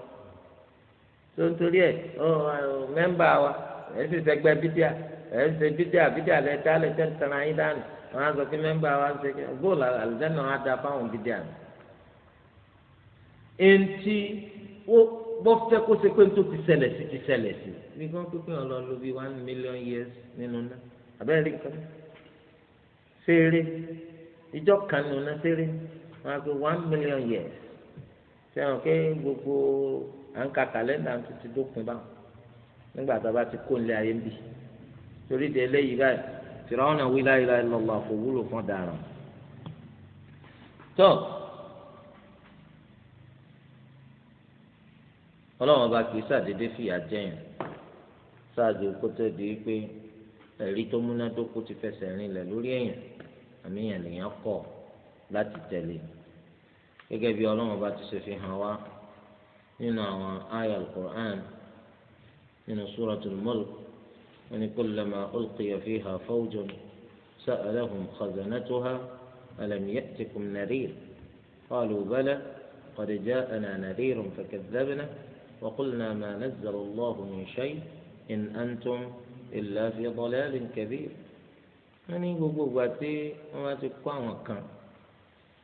سنتوليه أوه ممبعوة إيه، يعني سيكبر بيتيا ẹ̀ ń ṣe bídíà bídíà lẹ tá lẹ tẹ́ ń tẹ̀ra yín dànù wọn á sọ pé mẹ́mbà wa ń ṣe kí bóòlù àlùjáná wa da fáwọn bídíà mi. eŋti ó bọ́ fẹ́ kó ṣe pé n tó ti ṣẹlẹ̀ sí ti ṣẹlẹ̀ sí. bí wọ́n pípín ọ̀lọ́ ló bí one million years nínú náà àbẹ́rẹ́ nǹkan fèrè ìjọ kan nínú náà fèrè wọn á pé one million years fẹ́ràn pé gbogbo à ń ka kàlẹ́ndà tó ti dópin báwọn nígbà tá a bá ti kó nílé ayé ń bì í torí de eléyìí báyìí Fìràwọn náà wí la ilaha illallah kò wúlò fún dàrán. tó ọlọ́wọ́n bá kì í sàdédé fìyà jẹyàn ṣáàjú kó tó di pé ẹ̀rí tó múnádókó ti fẹsẹ̀ rinlẹ̀ lórí èèyàn àmì èèyàn lèèyàn kọ̀ láti tẹ̀lé gẹ́gẹ́ bí ọlọ́wọ́n bá ti ṣe fi hàn wá nínú àwọn àyà al nínú Suratul Mulk. يعني كلما ألقي فيها فوج سألهم خزنتها ألم يأتكم نذير قالوا بلى قد جاءنا نذير فكذبنا وقلنا ما نزل الله من شيء إن أنتم إلا في ضلال كبير يعني قبوباتي وما تقوى وكام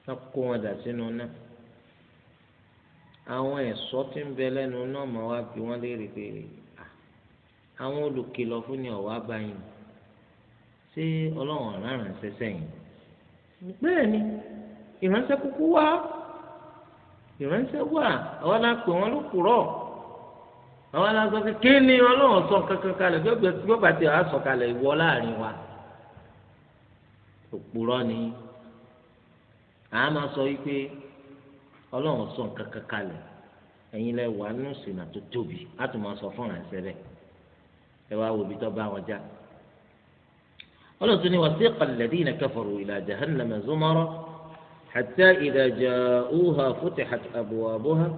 تقوى àwọn أوين صوت kó wọn dà sínú náà àwọn olùkìlọ̀ fún ni ọ̀wá báyìí ṣé ọlọ́run ọ̀ràn ṣẹṣẹ yìí bẹ́ẹ̀ ni ìránṣẹ́ kúkú wá ìránṣẹ́ wà àwọn alápè wọn ló kúrọ̀ àwọn aláṣọ kékeré ni ọlọ́run sọ kankan kalẹ̀ gbọ́dọ̀ bàtẹ́ wàá sọ kalẹ̀ ìwọ láàrin wa òpùrọ̀ ni àá máa sọ wípé ọlọ́run sọ kankan kalẹ̀ ẹ̀yin lẹ wà tó tóbi á tún máa sọ fún ìránṣẹ́ bẹ́ẹ̀. ẹ wá wò bí tó bá wọn já ọlọ́sùn ni wasiqa alladhina kafaru ila jahannama zumara hatta idha ja'uha futihat abwabuha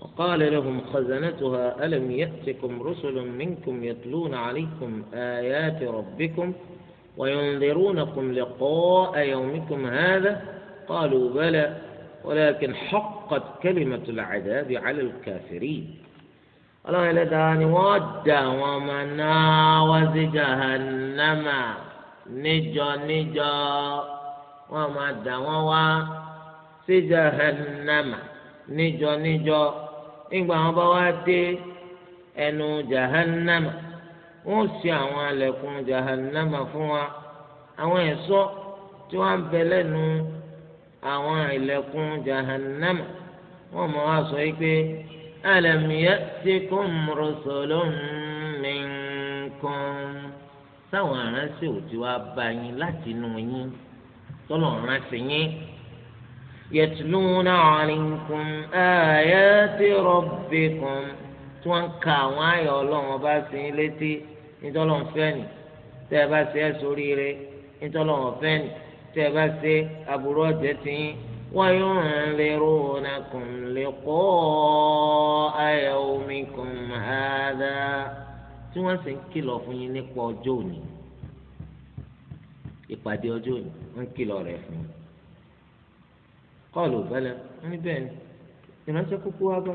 وقال لهم خزنتها ألم يأتكم رسل منكم يتلون عليكم آيات ربكم وينذرونكم لقاء يومكم هذا قالوا بلى ولكن حقت كلمة العذاب على الكافرين ọlọ́run ẹlẹ́dàá ni wọ́n da àwọn ọmọ náà wá sí jahannama níjọ níjọ wọ́n máa da wọ́n wá sí jahannama níjọ níjọ nígbà wọn bá wá dé ẹnu jahannama wọ́n ṣí àwọn alẹ̀kùn jahannama fún wa àwọn ẹ̀ṣọ́ tí wọ́n bẹ lẹ́nu àwọn ilẹ̀kùn jahannama wọ́n máa wá sọ yìí pé. ألم يأتكم رسل منكم sáwọn aránṣẹ́ ò ti wá bá yín láti inú yín tọlọ ránṣẹ́ yín yatluna alaykum ayati rabbikum tí wọn ń ka àwọn ayọ̀ Ọlọ́run ọba sí létí nítorí wọn fẹ́ ẹ bá ṣe ẹ sóríire nítorí wọn fẹ́ ni ẹ bá ṣe aburú ọjẹ tiyín. وينذرونكم لقاء يومكم هذا tí wọ́n sì ń kìlọ̀ fún yín nípa ọjọ́ òní ìpàdé ọjọ́ òní ń kìlọ̀ rẹ̀ fún yín kọ́ọ̀lù bẹ́lẹ̀ níbẹ̀ ni ìránṣẹ́ kúkú wá bá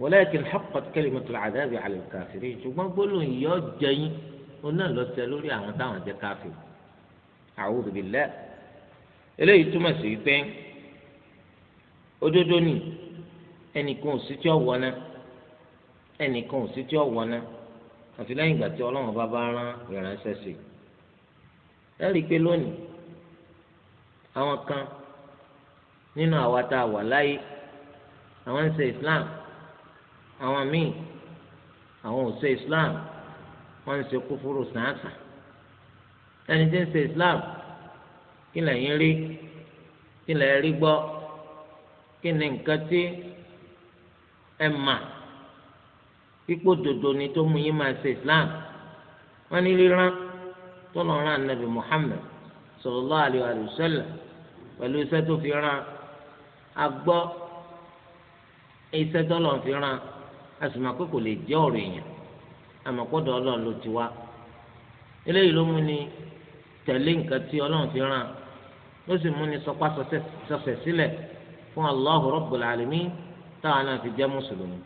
walakin haqqat kalimatul adhabi ala al-kafirin ṣùgbọ́n gbólóhùn yìí ó jẹ́ yín òun náà lọ sẹ lórí àwọn táwọn jẹ́ káfíìn a'udhu billah eléyìí túmọ̀ sí pé òdodo ni ẹnìkan ò sí tí ó wọ náà ẹnìkan ò sí tí ó wọ náà àfi lẹ́yìn ìgbà tí ọlọ́run bá bá rán ìránṣẹ́ sí i pé lónìí àwọn kan nínú àwa tá a wà láyé àwọn ń ṣe islam àwọn míì àwọn ò ṣe islam wọ́n ń ṣe kúfúrú sàǹsà ẹni tí ń ṣe islam kí lẹ́yìn rí kí lẹ́yìn rí gbọ́ kí ni nǹkan tí ẹ mà pípò dòdò ni tó mú yín máa ṣe islam wọn ní ríran tó lọ rán anabi muhammed sallallahu alaihi wasallam pẹ̀lú iṣẹ́ tó fi rán a gbọ́ iṣẹ́ tó lọ fi rán a sì máa pé kò lè jẹ́ ọ̀rọ̀ èèyàn àmọ́ pọ́dọ̀ ló ti wá eléyìí ló mú ni tẹ̀lé nǹkan tí ọlọ́run fi rán ló sì mú ni sọpá sọsẹ̀ sílẹ̀. So fún Allahu Rabbul Alamin táwọn náà fi jẹ́ mùsùlùmí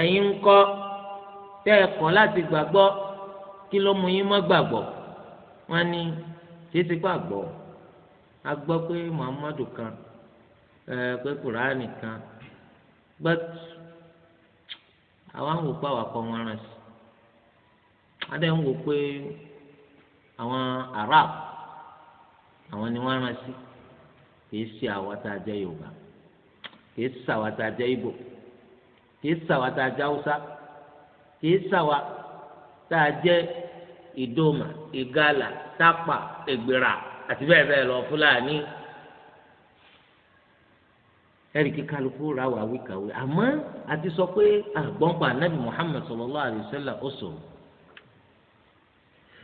ẹ̀yin ń kọ́ tẹ́ ẹ kọ̀ láti gbàgbọ́ kí ló mú yín má gbàgbọ́ wọ́n ní títí gbàgbọ́ a gbọ́ pé Muhammadu kan ẹ pé Kùránì kan but àwọn àwọn òpá wà kọ́ wọn rẹ̀ sí adé wò pé àwọn Arab àwọn ni wọ́n rẹ̀ sí kì í ṣe àwọn tá a jẹ́ Yorùbá kìí sàwà tá a jẹ́ Ìgbò kìí sàwà tá a jẹ́ Haúsá kìí sàwà tá a jẹ́ Ìdòmà Ìgalà Tápà Ègbèrà àti bẹ́ẹ̀ bẹ́ẹ̀ lọ Fúlàní ẹ̀rí kí kálukú ra wà wíkàwé àmọ́ àti sọ pé àgbọ̀npa Ànábì Muhammad sallallahu alaihi wasallam ó sọ̀rọ̀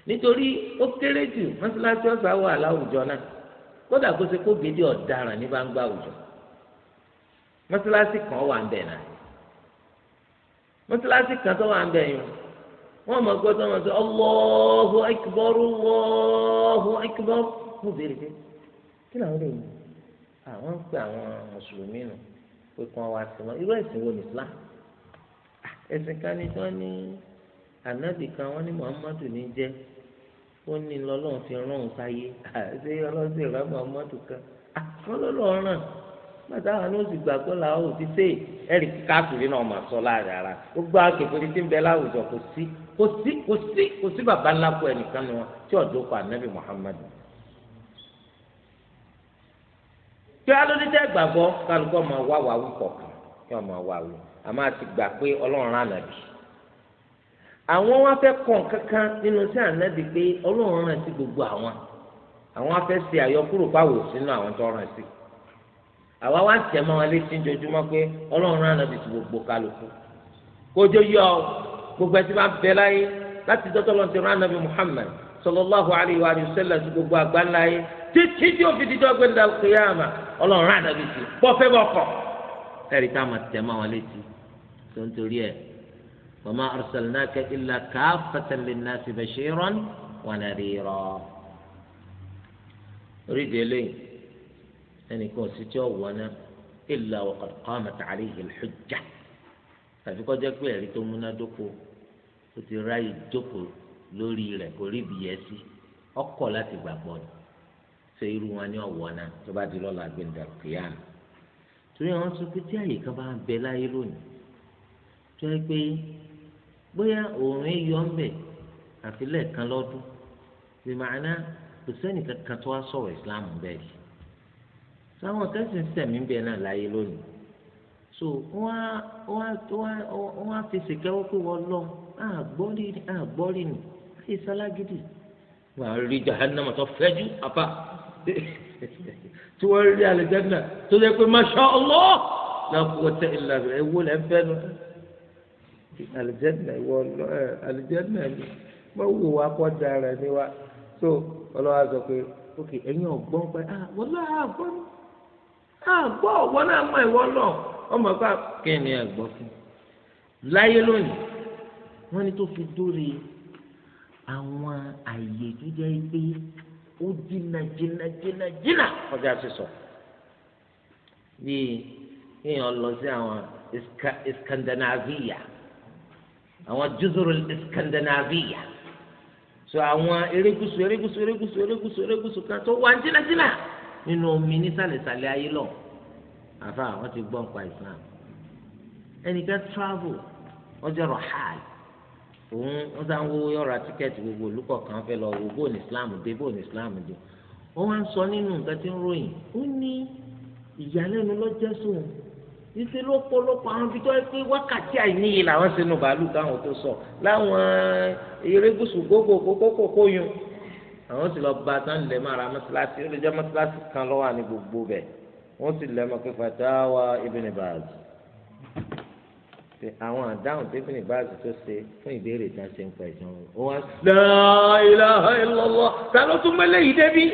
nítorí ó kéré jù mọ́sálásí ọ̀sà wà láwùjọ náà kódà kó ṣe kó gidi ọ̀daràn ní bá ń gbá àwùjọ mọ́sálásí kan wà ń bẹ̀ náà kan tó wà ń bẹ̀ yìí wọ́n mọ̀ gbọ́dọ̀ wọn sọ béèrè pé kí làwọn àwọn ń àwọn mùsùlùmí nù pé kí wọ́n wá sí irú ẹ̀sìn wo ẹ̀sìn kan ní wọ́n ní ànábì kan ní Muhammadu ní jẹ́ ní lọ́lọ́run fi rán òun sáyé ṣé ọlọ́sìn màtá àwọn ló sì gbàgbọ́ làwọn ò ti sè é ẹ̀rì káàkiri náà mà sọ láàrin ara gbogbo akẹ́kọ̀ọ́ tí ń bẹ láwùjọ kò sí kò sí kò sí kò sí bàbá ńlá kọ ẹnìkan ni wọn tí ọ̀dọ́ kọ ànábì Muhammad. tí alóde tẹ́ gbàgbọ́ kálukọ́ máa wá wà wí kọ̀ọ̀kan kí wọ́n máa wà a àmọ́ àti gbà pé ọlọ́run rán ànábì. àwọn wá fẹ́ kọ̀ kankan nínú sí ànábì pé ọlọ́run rán sí gbogbo àwọn àwọn wá fẹ́ ṣe àyọkúrò pàwọ̀ sínú àwọn tó rán sí i àwa wá ń tẹ̀ mọ́ wọn létí ojoojúmọ́ pé ọlọ́run rán ànábì sí gbogbo kálukú kójó yọ gbogbo ẹtí máa bẹ láyé láti dọ́tọ́ lọ́n ti rán ànábì Muhammad sallallahu alayhi wa sallam sí gbogbo àgbáńlá yé títí tí ó fi dídọ́ gbé ní al-qiyama ọlọ́run rán ànábì sí bọ́ fẹ́ bọ́ kọ̀ ẹ̀rí ká máa tẹ̀ mọ́ wọn létí tó ń torí ẹ̀ wa ma arsalnaka illa kaffatan lin-nasi ẹnìkan ò sí tí ó wọ náà illa wa qad qamat alayhi al-hujja tàbí kó jẹ́ pé ẹ̀rí tó múnádóko ó ti ráyè jókòó lórí rẹ̀ kó rí ibi yẹn sí ọkọ̀ láti gbàgbọ́ ni ṣé irú wọn ni ọ̀wọ́ tó bá di lọ́la gbẹ̀ndàlù kìíyàmù torí àwọn sọ pé tí àyè kan bá ń bẹ láyé lónìí tó yẹ pé bóyá òun yọ ń bẹ àfi lẹ́ẹ̀kan lọ́dún bí màánà kò sẹ́nìkan kan tó wá sọ̀rọ̀ ìsìláàmù bẹ́ẹ̀ sáwọn tẹ́sí ń sẹ̀mí bẹ́ẹ̀ náà láyé lónìí so wọ́n á fi ṣèkẹ́wọ́ pé wọ́n lọ àgbọ́rì nì àyè sálágídì wọ́n á rí jahannama tó fẹ́jú apá tí wọ́n rí alẹ́jẹ́nà tó lè pe masha allah lápò tẹ ìlànà ewu lẹ́ fẹ́ nu alẹ́jẹ́nà ìwọ lọ alẹ́jẹ́nà ni wọ́n wù wá kọ́ dára ni wa so ọlọ́wà sọ pé ok ẹ̀yin ọ̀gbọ́n pẹ́ ah wọ́n lọ́wọ́ àgbọ́n àgbọ̀ ọ̀wọ́ náà mọ ìwọ lọ ọmọ ká kẹ́ni àgbọ̀ fún láyé lónìí wọ́n ní tó fi dórí àwọn àyè tó jẹ́ pé ó jìnnà jìnnà jìnnà jìnnà kọjá sísọ bíi kéèyàn lọ sí àwọn Iskandanavia àwọn jùzọrọ Iskandanavia so àwọn erékùsù erékùsù erékùsù erékùsù erékùsù kan tó wà jìnnà jìnnà nínú omi nísàlẹ̀sàlẹ̀ ayé lọ àfa àwọn ti gbọ́ nípa Islam ẹnìkan travel ọjọ́ rọ̀ hàì òun wọ́n sá ń wo yọ̀ọ̀ra tíkẹ́ẹ̀tì gbogbo olùkọ́ kan fẹ́ lọ wo bóun Islam dé bóun Islam dé ó wá ń sọ nínú nǹkan tí ń ròyìn ó ní ìyàlẹ́nu lọ́jọ́ sóun ìṣe lọ́pọ̀lọpọ̀ àwọn ibi tó yẹ pé wákàtí àìníye làwọn sínú bàálù káwọn tó sọ láwọn erégùsù gbogbo kókó kókó yun àwọn sì lọ bá tán lè máa ra mọ́sálásí ó lè jẹ́ mọ́sálásí kan lọ́wọ́ ní gbogbo bẹ̀ wọ́n sì lè mọ̀ pé fatawa Ibn Baz àwọn àdáhùn tó Ibn Baz tó ṣe fún ìbéèrè tá a ṣe ń pa ìjọ wọn. ó wá la ilaha illallah ta ló tún mẹ́lẹ̀ yìí débi.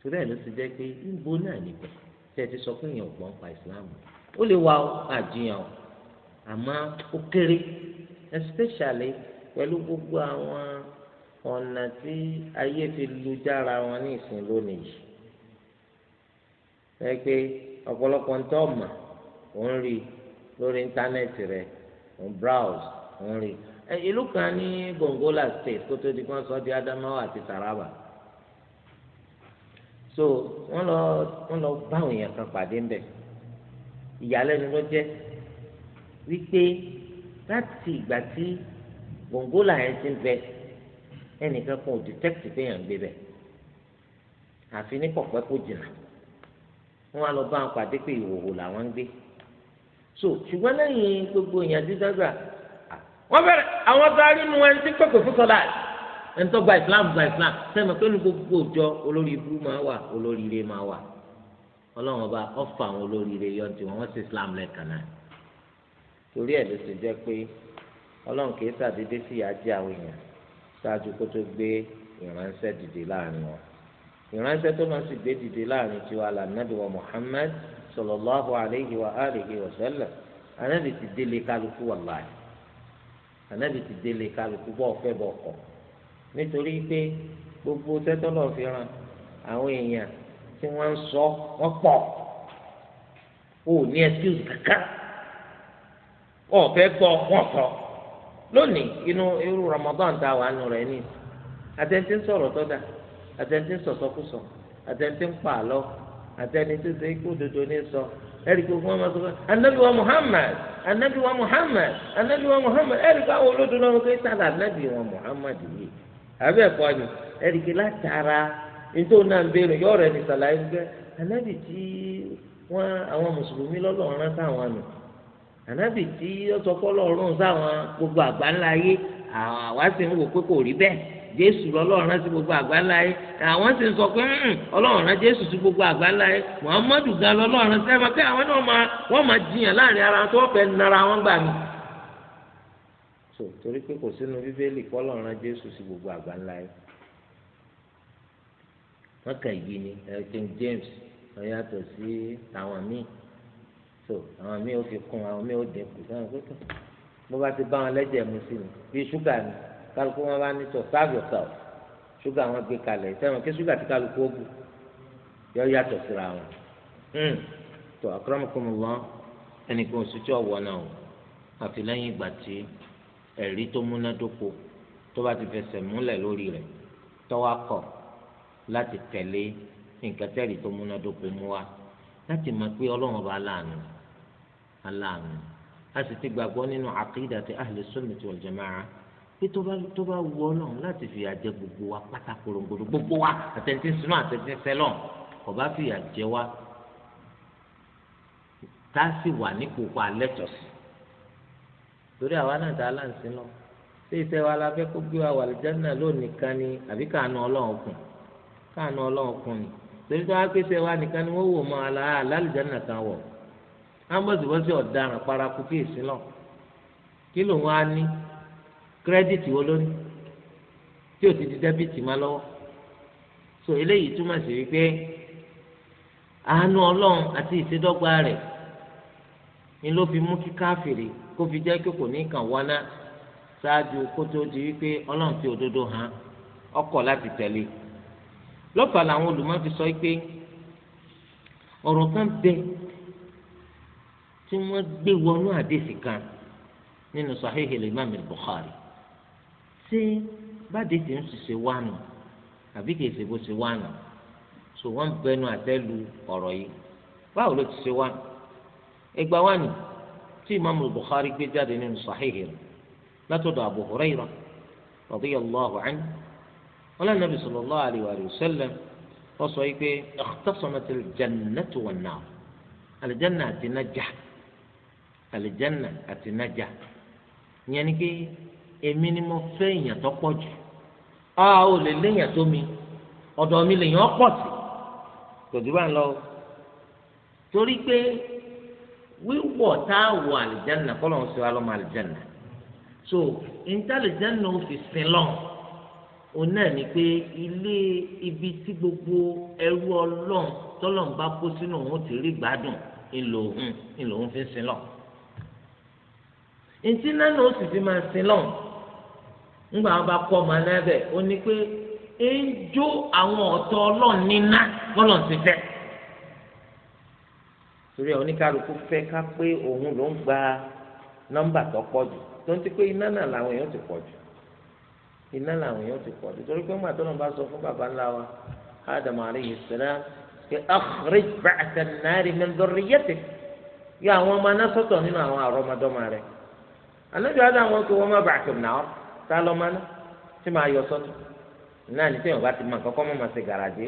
torí ẹ̀ ló ti jẹ́ pé níbo náà níbẹ̀ tí ẹ ti sọ fún èèyàn ọ̀gbọ́n pa ìsìláàmù ó lè wá àjiyàn àmọ́ ó kéré especially pẹ̀lú gbogbo àwọn ọ̀nà tí ayé fi lu jára wọn ní ìsìn lónìí yìí ẹ pé ọ̀pọ̀lọpọ̀ ń tọ́ ọ̀mà ò ń rí lórí íńtánẹ́ẹ̀tì rẹ̀ ò ń browse ò ń rí ìlú kan ní Gongola state kó tó di kan sọ Adamawa àti Taraba so wọ́n lọ wọ́n lọ bá àwọn èèyàn kan pàdé ńbẹ̀ ìyàlẹ́nu ló jẹ́ wípé láti ìgbà tí gbòǹgbò làyẹn ti ń bẹ ẹnìkan kan ò dìtẹ́kìtì pé yàn ń gbé bẹ àfi ní pọ̀pẹ́ kó jìnnà wọn á lọ bá wọn pàdé pé ìhòòhò làwọn ń gbé so ṣùgbọ́n lẹ́yìn gbogbo ìyànjú dágbà wọ́n bẹ̀rẹ̀ àwọn gaari nu ẹni tí pẹ̀kọ̀ fún sọ́lá ẹni tó gba Islam gba Islam sẹ́mi pé ní gbogbo òjọ olórí ibú máa wà olórí ire máa wà ọlọ́run ọba ọ̀fà àwọn olórí ire yọ tiwọn wọ́n sì Islam lẹ́ẹ̀kan náà torí ẹ̀ ló ṣe jẹ́ pé ọlọ́run kìí sàdédé fìyà jẹ àwọn èèyàn ṣáájú kó tó gbé ìránṣẹ́ dìde láàrin wọn ìránṣẹ́ tó máa sì gbé dìde láàrin tiwa là nàbì wa Muhammad sallallahu alayhi wa alihi wa sallam ànábì ti délé kálukú wàláì ànábì ti délé kálukú bọ́ ọ̀fẹ́ bọ́ ọkọ̀ nítorí pé gbogbo sẹ́tọ́lọ̀ fi ran àwọn èèyàn tí wọ́n ń sọ wọ́n pọ̀ ò ní ẹsíwìsì kankan ọ̀fẹ́ gbọ́ wọ́n sọ lónìí inú irú Ramadan tá a wà nù rẹ̀ ní àtẹ̀ntì ń sọ̀rọ̀ tó dà àtẹ̀ntì ń sọ̀sọ́kùsọ àtẹ̀ntì ń pa àlọ́ àtẹ̀ntì tó ṣe ikú òdodo ní sọ ẹ̀rí kò fún ọmọ sọ fún anabiwa Muhammad anabiwa Muhammad anabiwa Muhammad ẹ̀rí káwọn olódò náà wọ́n kò tá a anabiwa Muhammad yìí àbẹ̀ ẹ̀kọ́ ni ẹ̀rí kì látara nítorí náà ń bẹ̀rù yọ̀ọ̀rẹ̀ ní sàlàyé gbẹ anabi tí wọ́n àwọn mùsùlùmí lọ́lọ́run rán sáwọn nù ànábì tí ó sọ fọlọ́ ọ̀run sáwọn gbogbo àgbà ńlá ayé àwa sì ń wò pé kò rí jésù gbogbo àgbà ńlá àwọn sì ń sọ pé hmm, jésù gbogbo àgbà ńlá muhammadu gan lọ́lọ́run rán sẹ́wọ̀n pé àwọn náà máa wọ́n máa jiyàn ara tó wọ́n fẹ́ nara wọn gbà mí. so torí pé kò sínú bíbélì gbogbo ni james wọ́n sí àwọn míì so àwọn míì ó fi kún àwọn míì ó dínkù sáwọn pẹ́tọ́ bó bá ti bá wọn lẹ́jẹ̀ mu sí ni bíi ṣúgà ni kálukú wọn bá ní sọ serve yourself ṣúgà wọn gbé kalẹ̀ sẹ́wọ̀n kí ṣúgà ti kálukú ó bù yọ yàtọ̀ síra wọn hmm. tó akramakumullah ẹnìkan oṣù tí ọ̀wọ́ náà o àfi lẹ́yìn ìgbà tí ẹ̀rí tó múnádóko tó bá ti fẹsẹ̀ múlẹ̀ lórí rẹ̀ tọ́wá kọ̀ láti tẹ̀lé nǹkan tẹ́rì tó múnádóko mú wa láti mọ̀ pé ọlọ́run ọba láàánú aláàánú a sì ti gbàgbọ́ nínú àkídà ti ahli sunnati wal jamaa pé tó bá tó bá wọ náà láti fìyà jẹ gbogbo wa pátá korongodo gbogbo wa àtẹ̀ntì súnmọ́ àtẹ̀ntì sẹ́lọ̀ kò bá fìyà jẹ wa tá a sì wà nípò pa lẹ́tọ̀sí torí àwa náà tá a láǹsí náà ṣé iṣẹ́ wa la fẹ́ kó gbé wa wà lìjánà lónìí kan ni àbí káànù ọlọ́run kùn káànù ọlọ́run kùn ni torí tó wá pé wa nìkan ni wọ́n wò mọ́ àlàálì jánà kan wọ̀ amọ̀sibọ́sí ọ̀daràn paraku kí èsì lọ kí ló ń wá ní kírẹ́dìtì wo ló ní tí o ti di dẹ́bìtì má lọ́wọ́ so eléyìí túmọ̀ sí wípé àánú ọlọ́run àti ìṣèdọ́gba rẹ̀ ni ló fi mú kí káfìrí kó fi jẹ́ kí kò ní kàn ṣáájú kó tó di wípé ọlọ́run tí wọ́n gbé wọnú àdéhìí kan nínú sahihi limami Bukhari ṣé báde tí ń ṣiṣẹ́ wá nù àbí kìí ṣe bó ṣe wá nù so wọ́n bẹnu àtẹ́lu ọ̀rọ̀ yìí báwo ló ti ṣe wá ẹgbà wá nù tí imaamu Bukhari gbé jáde nínú sahihi rẹ̀ látọ̀dọ̀ Abu Hurairah radiyallahu anhu wala nabi sallallahu alayhi wa sallam wọ́n sọ yìí pé ikhtasimatil jannatu àlìjánà àti naja ìyẹn ni pé èmi ni mo fẹ́ èèyàn tó pọ̀ jù a ò lè léèyàn tó mi ọ̀dọ̀ mi lèèyàn pọ̀ sí kò jù bá ń lọ torí pé wíwọ̀ tá a wọ àlìjánà kọ́ lóun sọ wa lọ́mọ àlìjánà so ìntàlìjánà ò fi sin lọ́hùn òun náà ni pé ilé ibi tí gbogbo ẹrú ọlọ́run tọ́lọ́run bá kó sínú òun ti rí gbádùn ńlò òun ńlò òun fi sin lọ́hùn etí nánà ó sì fi máa sin lọ ńgbà wọn bá kọ ọmọ náà ó ní pé e ń jó àwọn ọ̀tọ̀ ti fẹ́ torí fẹ́ ká pé òun ló ń gba nọ́mbà tó pọ̀ jù tó ń ti pé iná náà làwọn èèyàn ti pọ̀ jù iná làwọn èèyàn ti pọ̀ jù torí pé bá sọ fún bàbá ńlá wa pé yọ àwọn ọmọ nínú àwọn àrọ́mọdọ́mọ anabi adam wọn kò wọn má bàa tó nà ọ tá lọ mọ tí màá yọ sọtù náà ní sẹyìn ọba ti mọ nǹkan kọ́ mọ́ màá ṣe gàràjé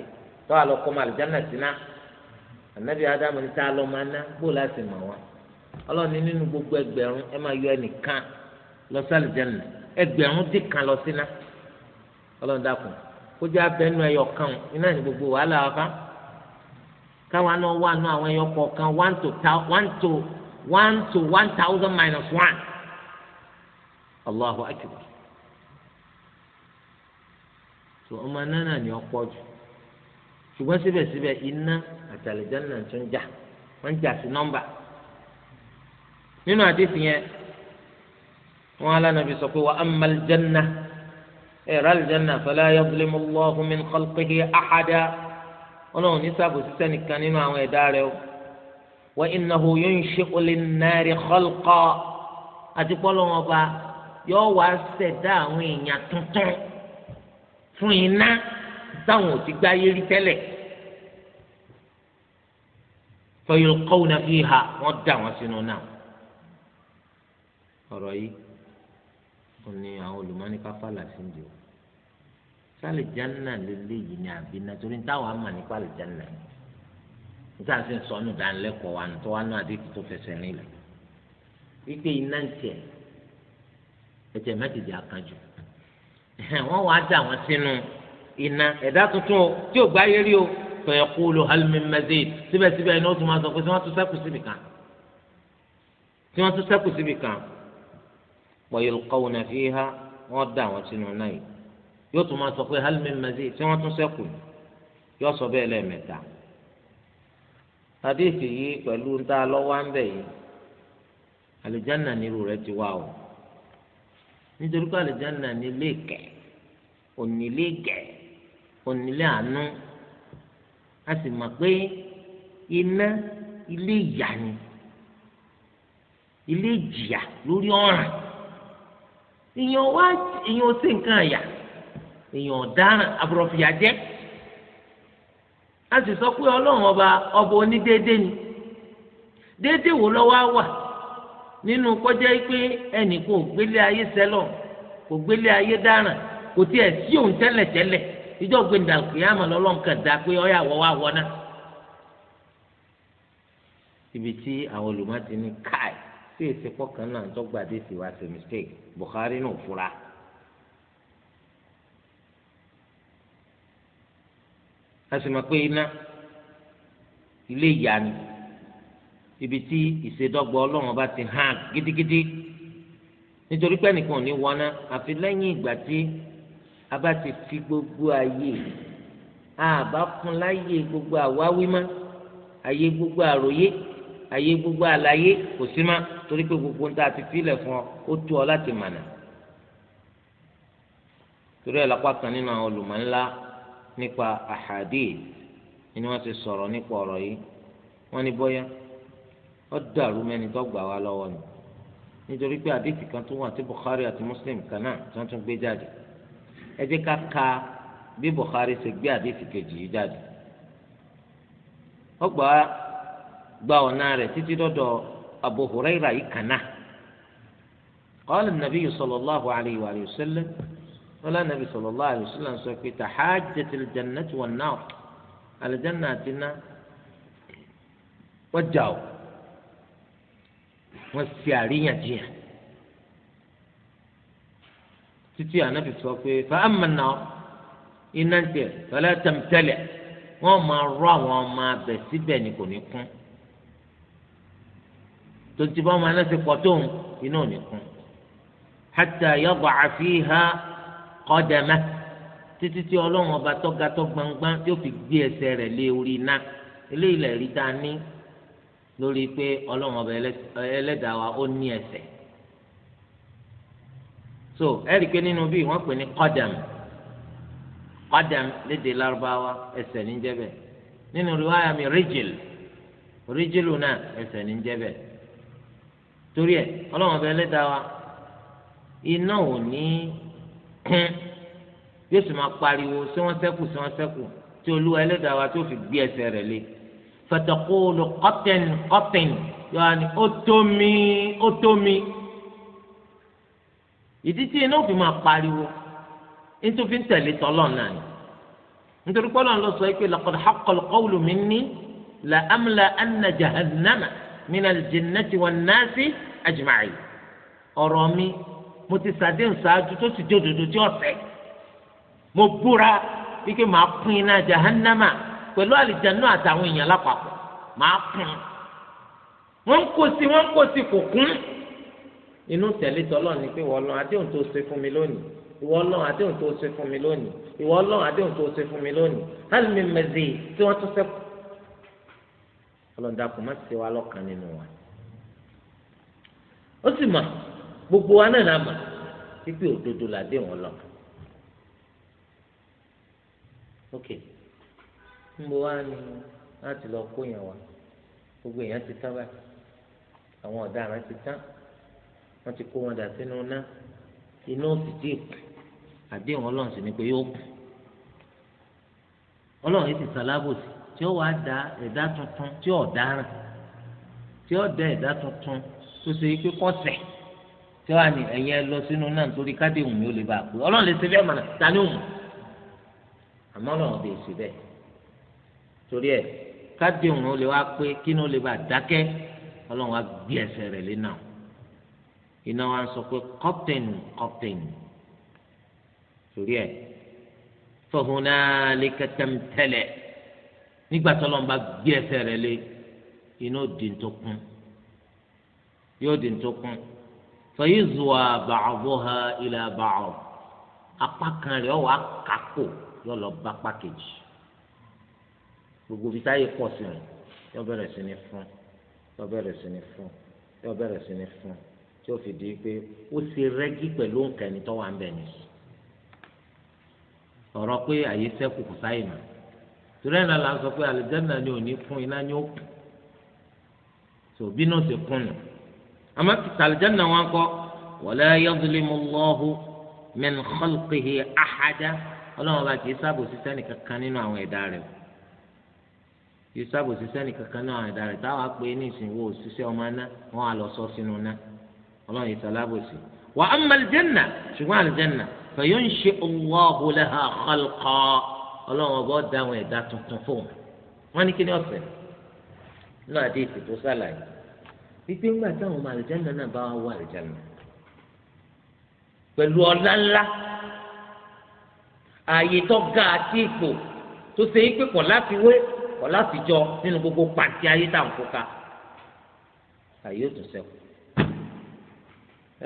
tọ́ àlọ́ kọ́ mọ́ àlùjáná síná anabi adam ní tá lọ mọ aná bó láti mọ̀ wọn ọlọ́ọ̀ni nínú gbogbo ẹgbẹ̀rún ẹ máa yọ ẹnìkan lọ sí àlùjáná ẹgbẹ̀rún dín kan lọ síná ọlọ́ọ̀ni dàkún kó jẹ́ abẹ́nu ẹyọ kan iná ní gbogbo wàhálà wa bá káwọn náà wà nù àwọn ẹyọ kọ̀ọ̀kan one to one to one to one thousand minus one. Allahu akbar tó ọmọ nánà ni ọ̀pọ̀ jù ṣùgbọ́n síbẹ̀síbẹ̀ iná àtàlẹ̀jánà tó ń jà wọ́n ń jà sí nọ́mbà nínú àdéhùn yẹn wọn alánàbí sọ pé wa amal janna ẹ̀rọ alìjanna fala yadhlimu Allahu min khalqihi ahada ọlọ́run ní sábò sísẹ́ nìkan nínú àwọn ẹ̀dá rẹ̀ o wa innahu yunshi'u lin-nari khalqa àti pọ́lọ́wọ́n ọba yóò wá ṣẹ̀dá àwọn èèyàn tuntun fún iná táwọn ò ti gbá yé rí tẹ́lẹ̀ fayulqawna fiha wọ́n dà sínú náà ọ̀rọ̀ yìí ó ní àwọn olùmọ́ni káfàlà sí ń jò sálìjánà lélẹ́yìí ni àbí náà torí táwọn àmà ní pàlìjánà níta sí ń sọnù dánilẹ́kọ̀ọ́ wa náà àdéhùn tó fẹsẹ̀ wípé ẹ̀jẹ̀ mẹ́tìdì àkànjù wọ́n wàá dà wọ́n sínú iná ẹ̀dá tuntun o tí ò gbáyé rí o fẹ̀yẹ̀ kú lo halimi mẹ́tì síbẹ̀síbẹ̀ ẹni ó tún máa sọ pé tí wọ́n tún sẹ́kù síbì kan tí wọ́n tún sẹ́kù síbì kan pọ̀yìlùkọ́wò náà fi há wọ́n dà wọ́n sínú náà yìí yóò tún máa sọ pé halimi mẹ́tì tí wọ́n tún sẹ́kù yóò sọ bẹ́ẹ̀ lẹ́ẹ̀mẹ́ta hadisi yìí pẹ̀lú ń tá lọ́wọ́ á ń bẹ̀ yìí àlùjáná nítorí pé àlùjánnà ní ilé ìkẹ́ òní ilé ìkẹ́ òní ilé àánú a sì mọ̀ pé iná ilé ìyà ni ilé ìjìyà lórí ọ̀ràn èèyàn wá èèyàn ṣe nǹkan àyà èèyàn ọ̀daràn àbúrọ̀fìyà jẹ́ a sì sọ pé ọlọ́run ọba ọba onídéédé ni déédéé wo lọ́wọ́ á wà. nínú kọjá pé ẹnì kò gbélé ayé sẹlọ kò gbélé ayé dáràn kò tiẹ̀ sí òun tẹ́lẹ̀tẹ́lẹ̀ ìjọ gbẹ̀ndà kìyàmà lọ́lọ́nkàn dá pé ọ̀yà wọ́ wá wọ́ná. ibi tí àwọn olùmọ̀ ti ní káì tí èsì pọ̀kan náà tó gbàdé sí wa ṣe mistake Bukhari náà fura. a sì mọ̀ pé iná ilé ìyá ni. ibi tí ìṣèdọ́gba ọlọ́run bá ti hàn gidigidi nítorí pé ẹnìkan ò ní wọná àfi lẹ́yìn ìgbà tí a bá ti fi gbogbo ààyè àbá fún láyè gbogbo àwáwí mọ́ ààyè gbogbo àròyé ààyè gbogbo àlàyé kò sí mọ́ torí pé gbogbo nta ti filẹ̀ fún ọ ó tó ọ láti mànà torí ẹ̀ lápá kan nínú àwọn olùmọ̀ nípa àhàdíì ni wọ́n ti sọ̀rọ̀ nípa ọ̀rọ̀ yìí wọ́n ní bọ́yá ó dàrú mẹ́ni tó gbà wá lọ́wọ́ ni nítorí pé àdéhìí kan tó wà tí Bukhari àti Muslim kan náà tí wọ́n tún gbé jáde ẹ jẹ́ ká ka bí Bukhari ṣe gbé àdéhìí kejì yìí jáde ó gbà gba ọ̀nà rẹ̀ títí dọ́dọ̀ Abu Hurairah yìí kan náà qala an-nabiyyu sallallahu alayhi wa sallam wala an-nabiyyu sallallahu alayhi wa sallam sọ pé tahajjatil jannatu wọ́n ṣe àríyànjiyàn títí ànábì sọ pé fàámànà iná ń tẹ fẹlẹ tẹmtẹlẹ wọ́n máa rọ àwọn ọmọ abẹ síbẹ̀ ni kò ní kún tonti bá wọn ẹlẹsìn pọtóhùn iná ò ní kún hàtà yọgbà àfihàn kọdẹmẹ títí tí Ọlọ́run ọba tọgatọ gbangban yóò fi gbé ẹsẹ̀ rẹ̀ lé orí iná eléyìí lè rí dání lórí pé ọlọ́run ọba ẹlẹ́dàá wa ó ní ẹsẹ̀ so ẹ̀rí pé nínú bíi wọ́n pè ní kọ́dàm kọ́dàm lédè lárúbáwá ẹsẹ̀ ní jẹ́bẹ̀ nínú riwaya mi ríjìl ríjìlù náà ẹsẹ̀ ní jẹ́bẹ̀ torí ẹ̀ ọlọ́run ọba ẹlẹ́dàá wa iná ò ní kún yóò sì máa pariwo sí wọ́n sẹ́kù sí wọ́n sẹ́kù tí olúwa ẹlẹ́dàá wa tó fi gbé ẹsẹ̀ rẹ̀ lé fatakulu kọtẹn kọtẹn yọani ó tó mi ó tó mi ìdí tí iná òfin máa pariwo nítorí tẹ̀lé tọ́lọ̀ náà ni nítorí pé Ọlọ́run ló sọ pé laqad haqqal qawlu minni la amla anna jahannama minal jinnati wan nasi ajma'in ọ̀rọ̀ mi mo ti sàdéhùn ṣáájú tó sì jẹ́ òdodo tí ọ̀sẹ̀ mo búra wípé màá pín iná jahannama pẹ̀lú àlìjáná àtàwọn èèyàn lápapọ̀ máa kún wọn ń kó sí wọn ń kó sí kò kún inú tẹ̀lé tọ́lọ́ ni pé wọ́n lọ àdéhùn tó ṣe fún mi lónìí ìwọ Ọlọ́run àdéhùn tó ṣe fún mi lónìí ìwọ Ọlọ́run àdéhùn tó ṣe fún mi lónìí hali mi tí wọ́n tún sẹ́kù. ọlọ́dà kò má ṣe wa lọ́kàn nínú wa. ó sì mà gbogbo wa náà la mà pípé òdodo làdéhùn Ọlọ́run. okay ńbọ wá ní láti lọ kó yẹn wá gbogbo èèyàn ti tán báyìí àwọn ọ̀daràn ti tán wọ́n ti kó wọn dà sínú ná iná òsì tí àdéhùn ọlọ́run sì ni pé yóò kù ọlọ́run yìí ti sàlábòsì tí ó wàá da ẹ̀dá tuntun tí ó tí ó da ẹ̀dá tuntun tó ṣe pé kọ́sẹ̀ tí ó wà ní ẹ̀yẹ lọ sínú náà nítorí kádéhùn mi ò lè bá a pé ọlọ́run lè ṣe bẹ́ẹ̀ mọ̀nà ta ni òun àmọ́ ọlọ́run ò lè ṣe bẹ́ẹ̀ torí ẹ káde òun ó lè wá pé kí ni ó lè bá dákẹ́ ọlọ́run wá gbé ẹsẹ̀ rẹ̀ lé náà iná wa ń sọ pé kọ́pítẹ̀nù kọ́pítẹ̀nù torí ẹ fọhùnálẹ́kẹ́ tẹ́mtẹ́lẹ̀ nígbà tí ọlọ́run bá gbé ẹsẹ̀ rẹ̀ lé iná ó di tó kún yóò di tó kún fẹ̀yì zuwa bàbọ̀ha ilà bàbọ̀ apá kan rẹ̀ ọ̀ wá kákò yọ lọ bá pàkejì gbogbo ibi táyé pọ̀ sí wọn yọ bẹ̀rẹ̀ sí ní fún yọ bẹ̀rẹ̀ sí ní fún yọ bẹ̀rẹ̀ sí ní fún tí ó fi di pé ó ṣe rẹ́gí pẹ̀lú nǹkan ẹni tó wà ń bẹ̀ ni ọ̀rọ̀ pé àyè sẹ́kù kò sáyè mọ́ torí ẹ̀ náà la sọ pé àlùjánnà ni ò ní fún iná ni ó kù tó bínú ti kún nù àmọ́ àlùjánnà wọn kọ́ wala yadhlimu Allahu min khalqihi ahada ọlọ́run bá kì í sábò sí sẹ́nìkan kan nínú àwọn ẹ̀dá rẹ̀ o yìí sábò ṣiṣẹ́ nìkankan náà àwọn ẹ̀dá rẹ̀ táwa pé ní ìsìnwó òṣìṣẹ́ ọmọ aná wọn á lọ sọ sínú ná ọlọ́run yìí sálábòsì. wà á mọ àlìjẹ́nà ṣùgbọ́n àlìjẹ́nà fẹ̀yọ́ ń ṣe ọlọ́hu lẹ́hà kọ́lùkọ́ ọlọ́run ọba dá àwọn ẹ̀dá tuntun fún un. wọ́n ní kí ni ọ̀sẹ̀ nínú àdé ìsìn tó sàlàyé wípé ńgbà táwọn ọmọ àlìjẹ́nà náà bá wà àlìjẹ́nà pẹ̀lú ọlá ńlá ọ̀làfíjọ nínú gbogbo pàǹtí ayé tá à ń kó ka àyè ó tún sẹ́kù.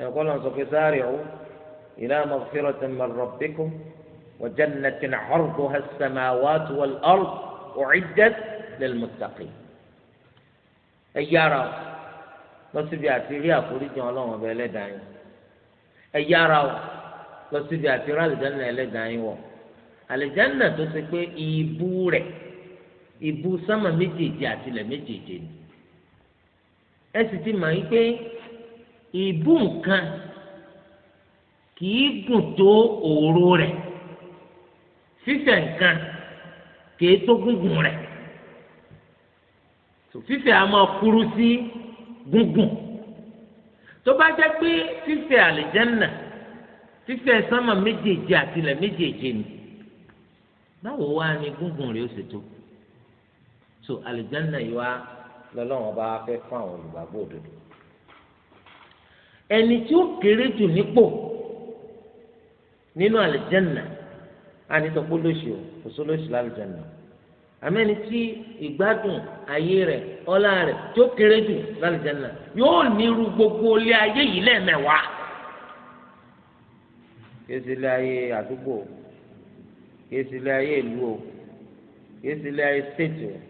ẹ̀kọ́ lọ́n sọ pé sáré ọ̀hún ìlà mọ̀fẹ́rọ̀ ti mọ̀ rọ̀bíkú wọ̀jẹ̀ nàtìnà ọ̀rùkú hẹsẹ̀mà wàtú wọ̀l ọ̀rù ọ̀ìdẹ́ lẹ́lmùtàkì. ẹ yára o lọ síbi àti rí àforíjì ọlọ́run ọba ẹlẹ́dàá yín ẹ yára o lọ síbi àti rí àlìjáná ẹlẹ́dàá yín wọ̀ àlìjáná tó ti pé ìbú rẹ̀ ìbú sámà méjèèjì àtìlẹ̀ méjèèjì ni ẹ sì ti mọ̀ yín pé ìbú nǹkan kìí gùn tó òru rẹ̀ fífẹ̀ nǹkan kìí tó gúngùn rẹ̀ fífẹ̀ a máa kúrú sí gúngùn tó bá jẹ́ pé fífẹ̀ àlìjẹ́nà fífẹ̀ sámà méjèèjì àtìlẹ̀ méjèèjì ni báwo wá ni gúngùn rẹ̀ ó ṣètò so àlìjáná yìí wá lọ́lọ́run bá fẹ́ fún àwọn olùgbàgbọ́ òdodo ẹni tí ó kéré jù nípò nínú àlìjáná ànitọ́pọ̀ lóṣù òṣù lóṣù lálìjáná àmẹ́ni tí ìgbádùn ayé rẹ̀ ọlá rẹ̀ tí ó kéré jù lálìjáná yóò nírú gbogbo ilé ayé yìí lẹ́ẹ̀mẹ́wàá kéésìlẹ ayé àdúgbò kéésìlẹ ayé ìlú o kéésìlẹ ayé stéètì o